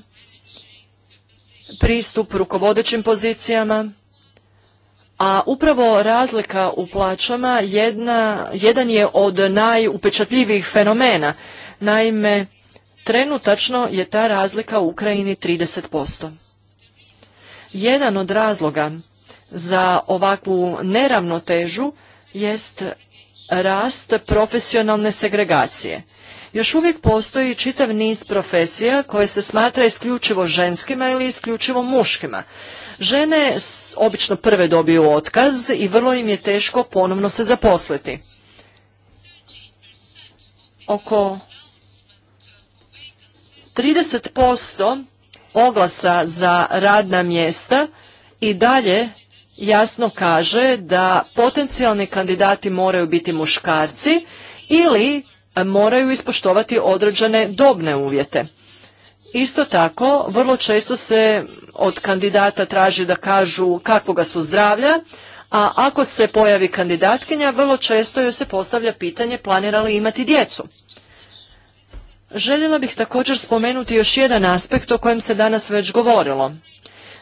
pristup rukovodećim pozicijama, a upravo razlika u plaćama jedna, jedan je od najupečatljivijih fenomena. Naime, trenutačno je ta razlika u Ukrajini 30%. Jedan od razloga za ovakvu neravnotežu jest rast profesionalne segregacije. Još uvijek postoji čitav niz profesija koje se smatra isključivo ženskima ili isključivo muškima. Žene obično prve dobiju otkaz i vrlo im je teško ponovno se zaposliti. Oko 30% oglasa za radna mjesta i dalje jasno kaže da potencijalni kandidati moraju biti muškarci ili moraju ispoštovati određene dobne uvjete. Isto tako, vrlo često se od kandidata traži da kažu kakvoga su zdravlja, a ako se pojavi kandidatkinja, vrlo često joj se postavlja pitanje planira li imati djecu. Željela bih također spomenuti još jedan aspekt o kojem se danas već govorilo.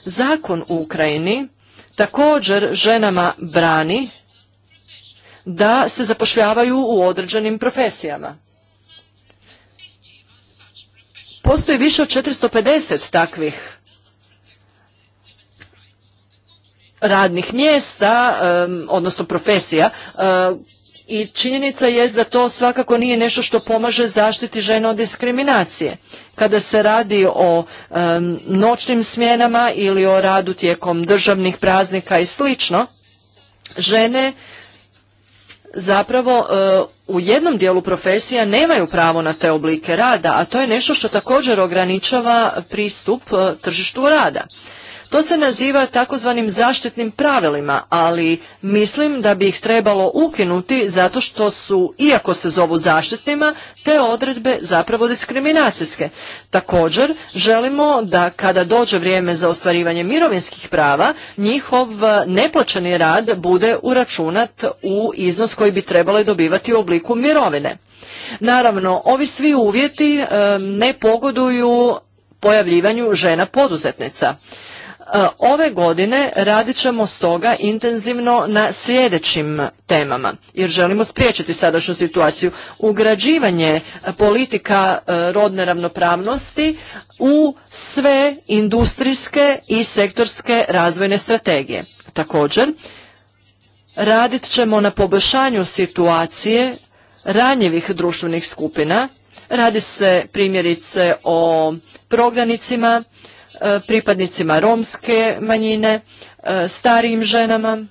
Zakon u Ukrajini također ženama brani da se zapošljavaju u određenim profesijama. Postoji više od 450 takvih radnih mjesta, odnosno profesija, i činjenica je da to svakako nije nešto što pomaže zaštiti žena od diskriminacije. Kada se radi o noćnim smjenama ili o radu tijekom državnih praznika i slično, žene zapravo e, u jednom dijelu profesija nemaju pravo na te oblike rada, a to je nešto što također ograničava pristup e, tržištu rada. To se naziva takozvanim zaštitnim pravilima, ali mislim da bi ih trebalo ukinuti zato što su, iako se zovu zaštitnima, te odredbe zapravo diskriminacijske. Također, želimo da kada dođe vrijeme za ostvarivanje mirovinskih prava, njihov neplaćeni rad bude uračunat u iznos koji bi trebalo dobivati u obliku mirovine. Naravno, ovi svi uvjeti ne pogoduju pojavljivanju žena poduzetnica. E, ove godine radit ćemo stoga intenzivno na sljedećim temama, jer želimo spriječiti sadašnju situaciju. Ugrađivanje politika e, rodne ravnopravnosti u sve industrijske i sektorske razvojne strategije. Također, radit ćemo na poboljšanju situacije ranjivih društvenih skupina. Radi se primjerice o prognanicima, E, pripadnicima romske manjine, e, starijim ženama,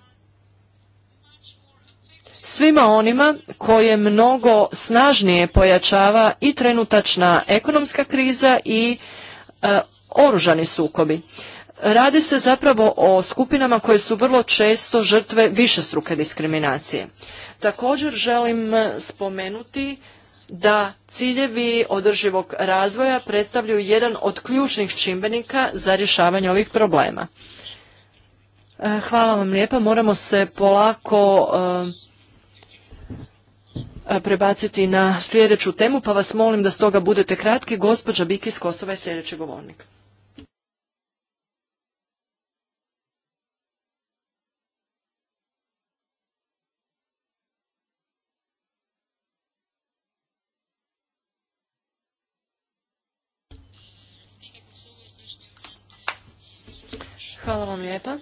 svima onima koje mnogo snažnije pojačava i trenutačna ekonomska kriza i e, oružani sukobi. Radi se zapravo o skupinama koje su vrlo često žrtve višestruke diskriminacije. Također želim spomenuti da ciljevi održivog razvoja predstavljaju jedan od ključnih čimbenika za rješavanje ovih problema. E, hvala vam lijepa. Moramo se polako e, prebaciti na sljedeću temu, pa vas molim da stoga budete kratki. Gospođa Bikis Kosova je sljedeći govornik. Hvala vam lijepa.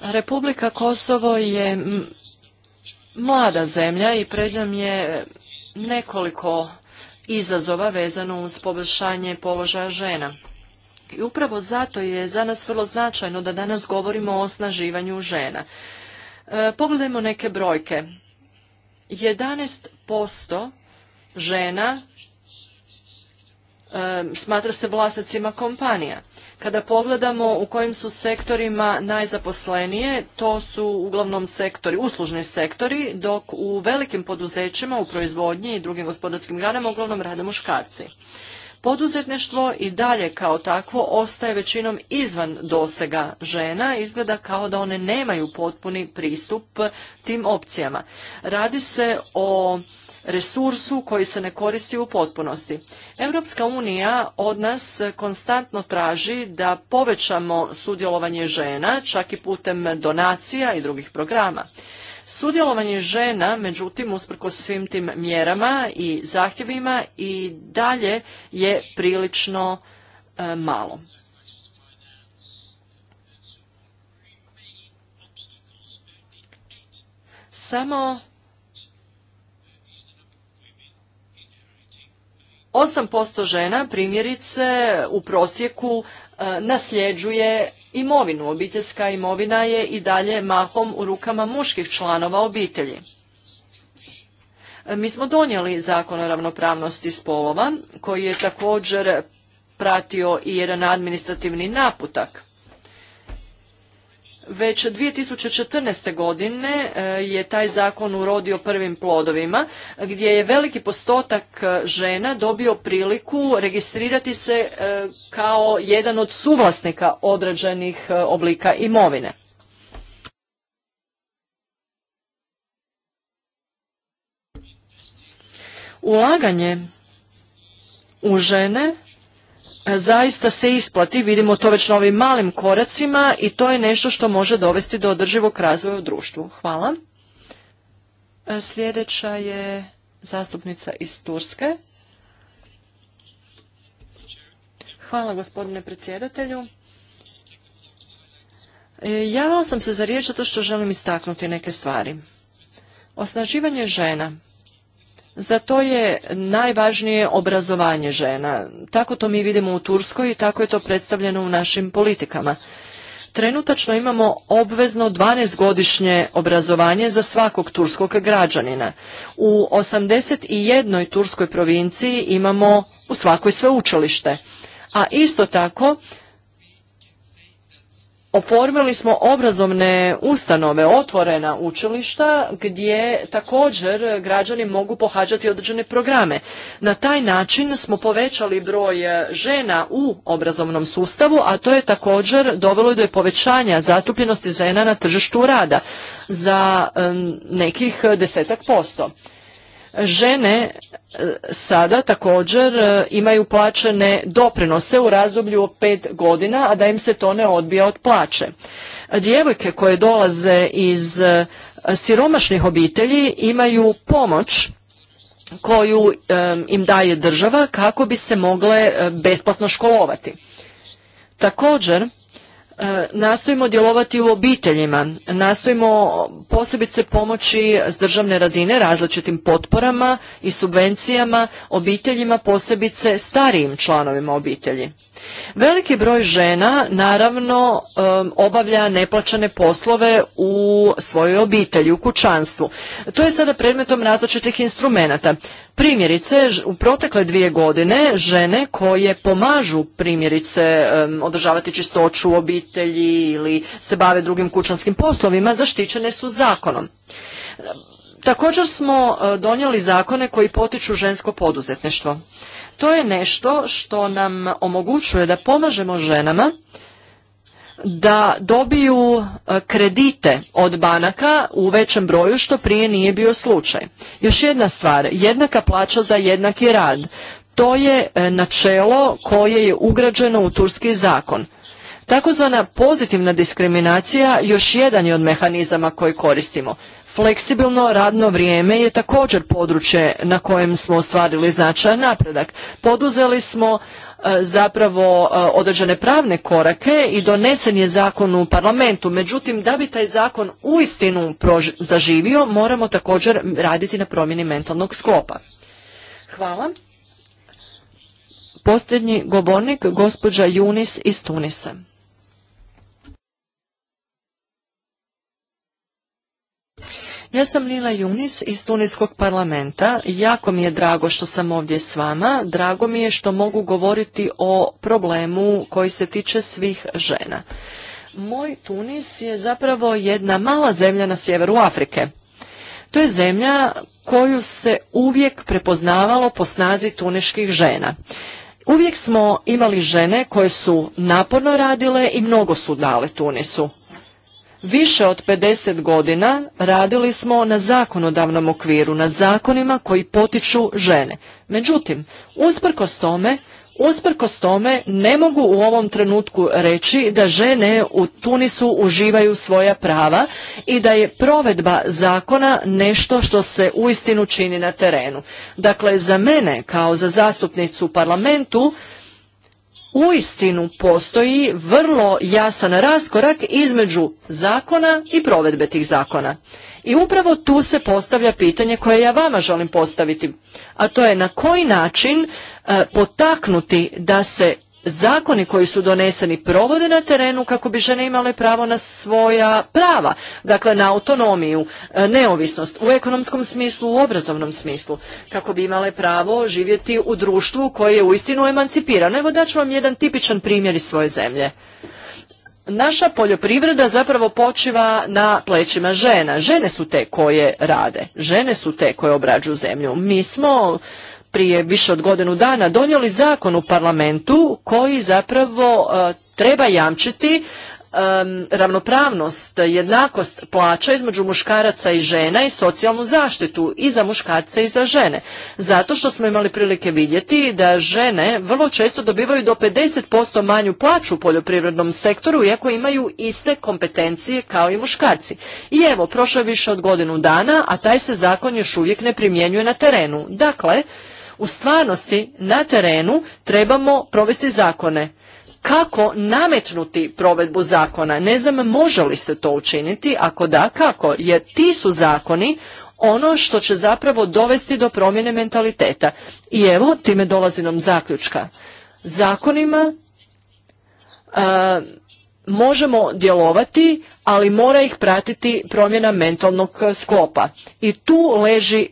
Republika Kosovo je mlada zemlja i pred njom je nekoliko izazova vezano uz poboljšanje položaja žena. I upravo zato je za nas vrlo značajno da danas govorimo o osnaživanju žena. E, pogledajmo neke brojke. 11% žena e, smatra se vlasnicima kompanija. Kada pogledamo u kojim su sektorima najzaposlenije, to su uglavnom sektori, uslužni sektori, dok u velikim poduzećima, u proizvodnji i drugim gospodarskim granama uglavnom rade muškarci. Poduzetništvo i dalje kao takvo ostaje većinom izvan dosega žena, izgleda kao da one nemaju potpuni pristup tim opcijama. Radi se o resursu koji se ne koristi u potpunosti. Europska unija od nas konstantno traži da povećamo sudjelovanje žena, čak i putem donacija i drugih programa. Sudjelovanje žena, međutim, usprko svim tim mjerama i zahtjevima i dalje je prilično e, malo. Samo 8% žena primjerice u prosjeku e, nasljeđuje imovinu. Obiteljska imovina je i dalje mahom u rukama muških članova obitelji. Mi smo donijeli zakon o ravnopravnosti spolova koji je također pratio i jedan administrativni naputak već 2014. godine e, je taj zakon urodio prvim plodovima gdje je veliki postotak e, žena dobio priliku registrirati se e, kao jedan od suvlasnika određenih oblika imovine. Ulaganje u žene E, zaista se isplati, vidimo to već na ovim malim koracima i to je nešto što može dovesti do održivog razvoja u društvu. Hvala. E, sljedeća je zastupnica iz Turske. Hvala gospodine predsjedatelju. E, javila sam se za riječ zato što želim istaknuti neke stvari. Osnaživanje žena za to je najvažnije obrazovanje žena. Tako to mi vidimo u Turskoj i tako je to predstavljeno u našim politikama. Trenutačno imamo obvezno 12-godišnje obrazovanje za svakog turskog građanina. U 81. turskoj provinciji imamo u svakoj sveučilište. A isto tako Oformili smo obrazovne ustanove, otvorena učilišta gdje također građani mogu pohađati određene programe. Na taj način smo povećali broj žena u obrazovnom sustavu, a to je također dovelo do povećanja zastupljenosti žena na tržištu rada za nekih desetak posto. Žene e, sada također e, imaju plaćene doprinose u razdoblju od pet godina, a da im se to ne odbija od plaće. Djevojke koje dolaze iz e, siromašnih obitelji imaju pomoć koju im daje država kako bi se mogle besplatno školovati. Također, E, nastojimo djelovati u obiteljima, nastojimo posebice pomoći s državne razine različitim potporama i subvencijama obiteljima, posebice starijim članovima obitelji. Veliki broj žena naravno e, obavlja neplaćane poslove u svojoj obitelji, u kućanstvu. To je sada predmetom različitih instrumenata. Primjerice, u protekle dvije godine žene koje pomažu primjerice održavati čistoću u obitelji ili se bave drugim kućanskim poslovima zaštićene su zakonom. Također smo e, donijeli zakone koji potiču žensko poduzetništvo. To je nešto što nam omogućuje da pomažemo ženama da dobiju e, kredite od banaka u većem broju što prije nije bio slučaj. Još jedna stvar, jednaka plaća za jednaki rad. To je e, načelo koje je ugrađeno u turski zakon. Takozvana pozitivna diskriminacija još jedan je od mehanizama koji koristimo. Fleksibilno radno vrijeme je također područje na kojem smo ostvarili značajan napredak. Poduzeli smo e, zapravo e, određene pravne korake i donesen je zakon u parlamentu. Međutim, da bi taj zakon uistinu zaživio, moramo također raditi na promjeni mentalnog sklopa. Hvala. Posljednji govornik, gospođa Junis iz Tunisa. Ja sam Lila Junis iz Tunijskog parlamenta. Jako mi je drago što sam ovdje s vama. Drago mi je što mogu govoriti o problemu koji se tiče svih žena. Moj Tunis je zapravo jedna mala zemlja na sjeveru Afrike. To je zemlja koju se uvijek prepoznavalo po snazi tuniških žena. Uvijek smo imali žene koje su naporno radile i mnogo su dale Tunisu. Više od 50 godina radili smo na zakonodavnom okviru, na zakonima koji potiču žene. Međutim, usprkos tome, Usprkos tome ne mogu u ovom trenutku reći da žene u Tunisu uživaju svoja prava i da je provedba zakona nešto što se uistinu čini na terenu. Dakle, za mene kao za zastupnicu u parlamentu uistinu postoji vrlo jasan raskorak između zakona i provedbe tih zakona. I upravo tu se postavlja pitanje koje ja vama želim postaviti, a to je na koji način eh, potaknuti da se zakoni koji su doneseni provode na terenu kako bi žene imale pravo na svoja prava, dakle na autonomiju, e, neovisnost u ekonomskom smislu, u obrazovnom smislu, kako bi imale pravo živjeti u društvu koje je uistinu emancipirano. Evo daću vam jedan tipičan primjer iz svoje zemlje. Naša poljoprivreda zapravo počiva na plećima žena. Žene su te koje rade, žene su te koje obrađuju zemlju. Mi smo prije više od godinu dana donijeli zakon u parlamentu koji zapravo e, treba jamčiti e, ravnopravnost, jednakost plaća između muškaraca i žena i socijalnu zaštitu i za muškarce i za žene. Zato što smo imali prilike vidjeti da žene vrlo često dobivaju do 50% manju plaću u poljoprivrednom sektoru iako imaju iste kompetencije kao i muškarci. I evo, prošlo je više od godinu dana, a taj se zakon još uvijek ne primjenjuje na terenu. Dakle, u stvarnosti na terenu trebamo provesti zakone. Kako nametnuti provedbu zakona? Ne znam može li se to učiniti, ako da, kako? Jer ti su zakoni ono što će zapravo dovesti do promjene mentaliteta. I evo, time dolazi nam zaključka. Zakonima e, možemo djelovati, ali mora ih pratiti promjena mentalnog sklopa. I tu leži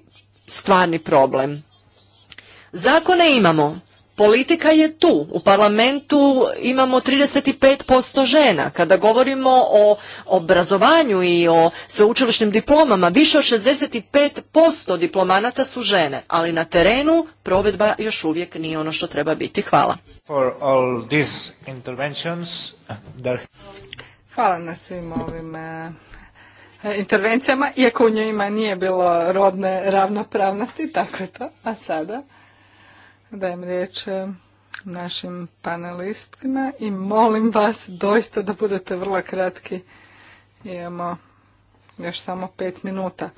stvarni problem. Zakone imamo, politika je tu. U parlamentu imamo 35% žena. Kada govorimo o obrazovanju i o sveučilišnim diplomama, više od 65% diplomanata su žene, ali na terenu provedba još uvijek nije ono što treba biti. Hvala. Hvala na svim ovim e, intervencijama, iako u njima nije bilo rodne ravnopravnosti, tako je to, a sada... Dajem riječ e, našim panelistima i molim vas doista da budete vrlo kratki. Imamo još samo pet minuta.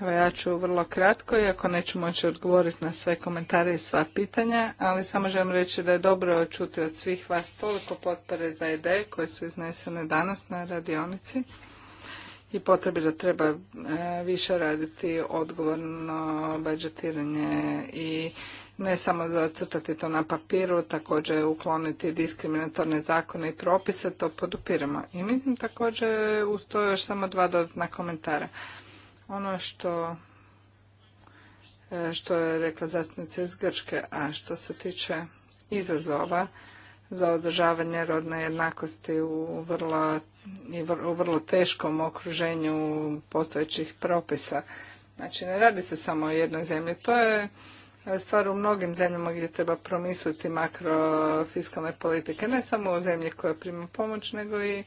Evo ja ću vrlo kratko, iako neću moći odgovoriti na sve komentare i sva pitanja, ali samo želim reći da je dobro čuti od svih vas toliko potpore za ideje koje su iznesene danas na radionici i potrebi da treba e, više raditi odgovorno budžetiranje i ne samo zacrtati to na papiru, također ukloniti diskriminatorne zakone i propise, to podupiramo. I mislim također uz to još samo dva dodatna komentara. Ono što e, što je rekla zastupnica iz Grčke, a što se tiče izazova, za održavanje rodne jednakosti u vrlo, u vrlo teškom okruženju postojećih propisa. Znači, ne radi se samo o jednoj zemlji. To je stvar u mnogim zemljama gdje treba promisliti makrofiskalne politike. Ne samo u zemlji koja prima pomoć, nego i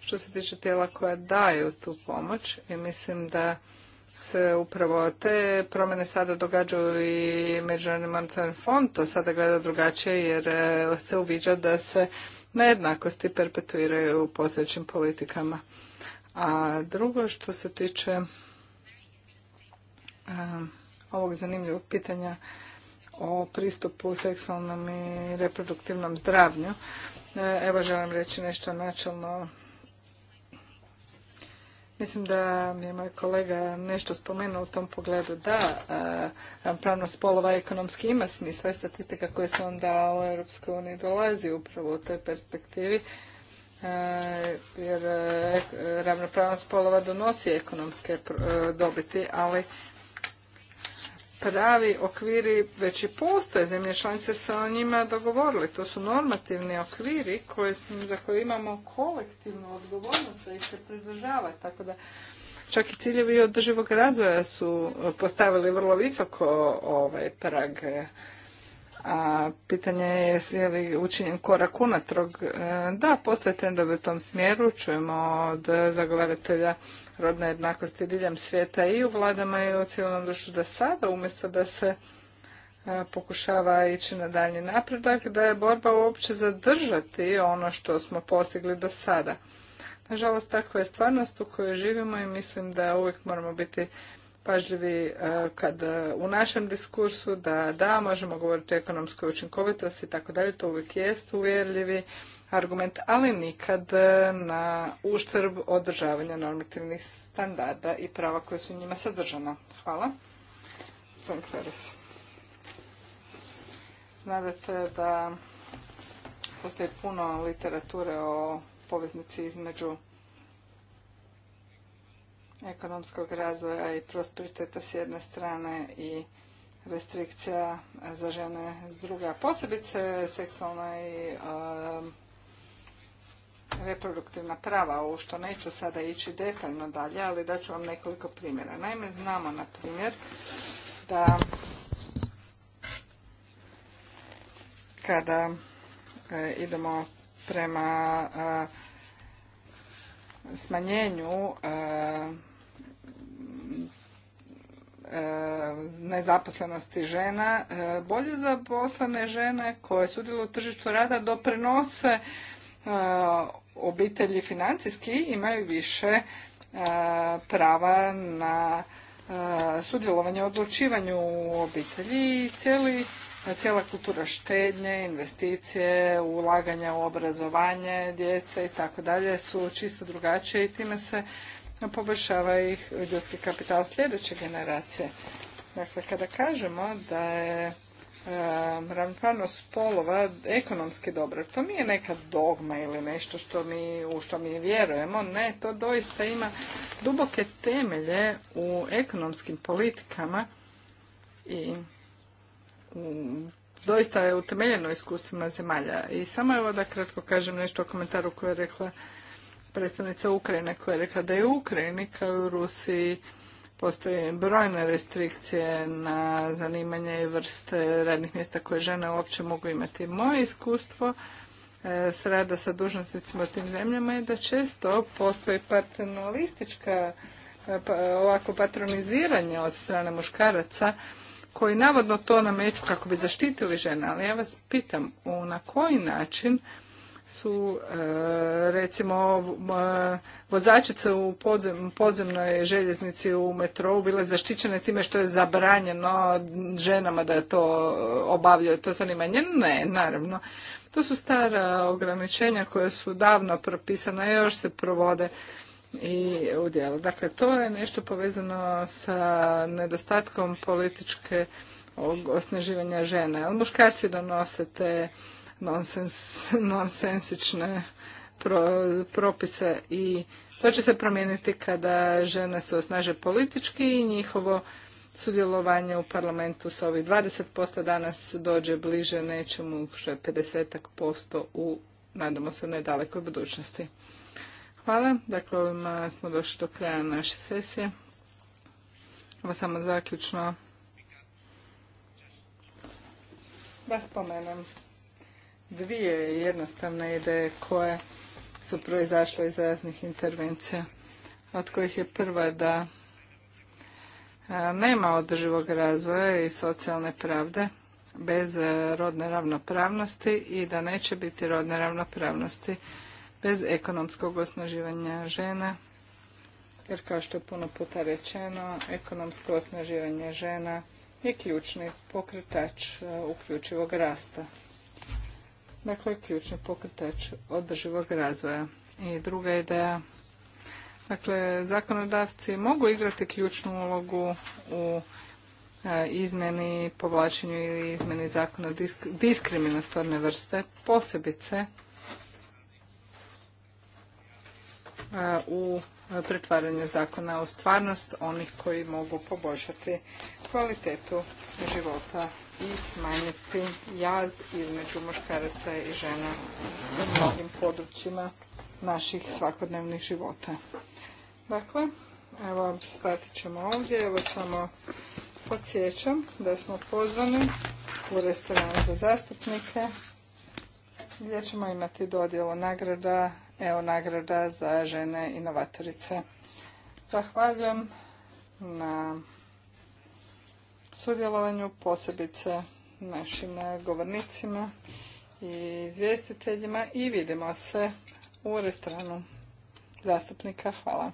što se tiče tijela koja daju tu pomoć. I mislim da se upravo te promjene sada događaju i Međunarodni monetarni fond to sada gleda drugačije jer e, se uviđa da se nejednakosti perpetuiraju u postojećim politikama. A drugo što se tiče e, ovog zanimljivog pitanja o pristupu seksualnom i reproduktivnom zdravlju, e, evo želim reći nešto načelno Mislim da mi je moj kolega nešto spomenuo u tom pogledu. Da, e, ravnopravnost spolova ekonomski ima smisla i statistika koja se onda u Europskoj uniji dolazi upravo u toj perspektivi. E, jer e, ravnopravnost spolova donosi ekonomske dobiti, ali pravi okviri već i postoje. Zemlje članice se o njima dogovorili. To su normativni okviri koje, za koje imamo kolektivnu odgovornost i se pridržava. Tako da čak i ciljevi održivog razvoja su postavili vrlo visoko ovaj prag. A pitanje je je li učinjen korak unatrag. E, da, postoje trendove u tom smjeru. Čujemo od zagovaratelja rodne jednakosti diljem svijeta i u vladama i u cijelom društvu da sada umjesto da se e, pokušava ići na daljnji napredak, da je borba uopće zadržati ono što smo postigli do sada. Nažalost, takva je stvarnost u kojoj živimo i mislim da uvijek moramo biti pažljivi e, kad e, u našem diskursu da da, možemo govoriti o ekonomskoj učinkovitosti i tako dalje, to uvijek jest uvjerljivi argument, ali nikad e, na uštrb održavanja normativnih standarda i prava koje su njima sadržana. Hvala. Gospodin Kleris. Znadete da postoji puno literature o poveznici između ekonomskog razvoja i prosperiteta s jedne strane i restrikcija za žene s druge, a posebice seksualna i e, reproduktivna prava, ovo što neću sada ići detaljno dalje, ali ću vam nekoliko primjera. Naime, znamo, na primjer, da kada e, idemo prema e, smanjenju e, nezaposlenosti žena, bolje zaposlene žene koje sudjeluju u tržištu rada doprinose obitelji financijski imaju više prava na sudjelovanje u odlučivanju u obitelji i cijeli, cijela kultura štednje, investicije, ulaganja u obrazovanje djece i tako dalje su čisto drugačije i time se poboljšava ih ljudski kapital sljedeće generacije. Dakle, kada kažemo da je ravnopravnost spolova ekonomski dobro. To nije neka dogma ili nešto što mi, u što mi vjerujemo. Ne, to doista ima duboke temelje u ekonomskim politikama i u, doista je utemeljeno iskustvima zemalja. I samo evo da kratko kažem nešto o komentaru koje je rekla predstavnica Ukrajine koja je rekla da je u Ukrajini kao i u Rusiji Postoje brojne restrikcije na zanimanje i vrste radnih mjesta koje žene uopće mogu imati. Moje iskustvo e, s rada sa dužnosnicima u tim zemljama je da često postoji paternalistička e, pa, ovako patroniziranje od strane muškaraca koji navodno to nameću kako bi zaštitili žene, ali ja vas pitam na koji način su e, recimo e, vozačice u podzemnoj željeznici u metrou bile zaštićene time što je zabranjeno ženama da to obavljaju to zanimanje. Ne, naravno. To su stara ograničenja koja su davno propisana i još se provode i u dijelu Dakle, to je nešto povezano sa nedostatkom političke osnaživanja žena. Muškarci donose te nonsensične propise i to će se promijeniti kada žene se osnaže politički i njihovo sudjelovanje u parlamentu sa ovih 20% danas dođe bliže nečemu što je 50% u, nadamo se, nedalekoj budućnosti. Hvala. Dakle, ovima smo došli do kraja naše sesije. Ovo samo zaključno da spomenem dvije jednostavne ideje koje su proizašle iz raznih intervencija, od kojih je prva da nema održivog razvoja i socijalne pravde bez rodne ravnopravnosti i da neće biti rodne ravnopravnosti bez ekonomskog osnaživanja žena, jer kao što je puno puta rečeno, ekonomsko osnaživanje žena je ključni pokretač uključivog rasta dakle ključni pokretač održivog razvoja. I druga ideja, dakle zakonodavci mogu igrati ključnu ulogu u e, izmeni, povlačenju ili izmeni zakona diskriminatorne vrste, posebice e, u pretvaranju zakona u stvarnost onih koji mogu poboljšati kvalitetu života i smanjiti jaz između muškaraca i žena u mnogim područjima naših svakodnevnih života. Dakle, evo, stati ćemo ovdje. Evo samo podsjećam da smo pozvani u restoran za zastupnike gdje ćemo imati dodjelu nagrada, evo nagrada za žene inovatorice. Zahvaljujem na sudjelovanju, posebice našim govornicima i izvjestiteljima i vidimo se u restoranu zastupnika. Hvala.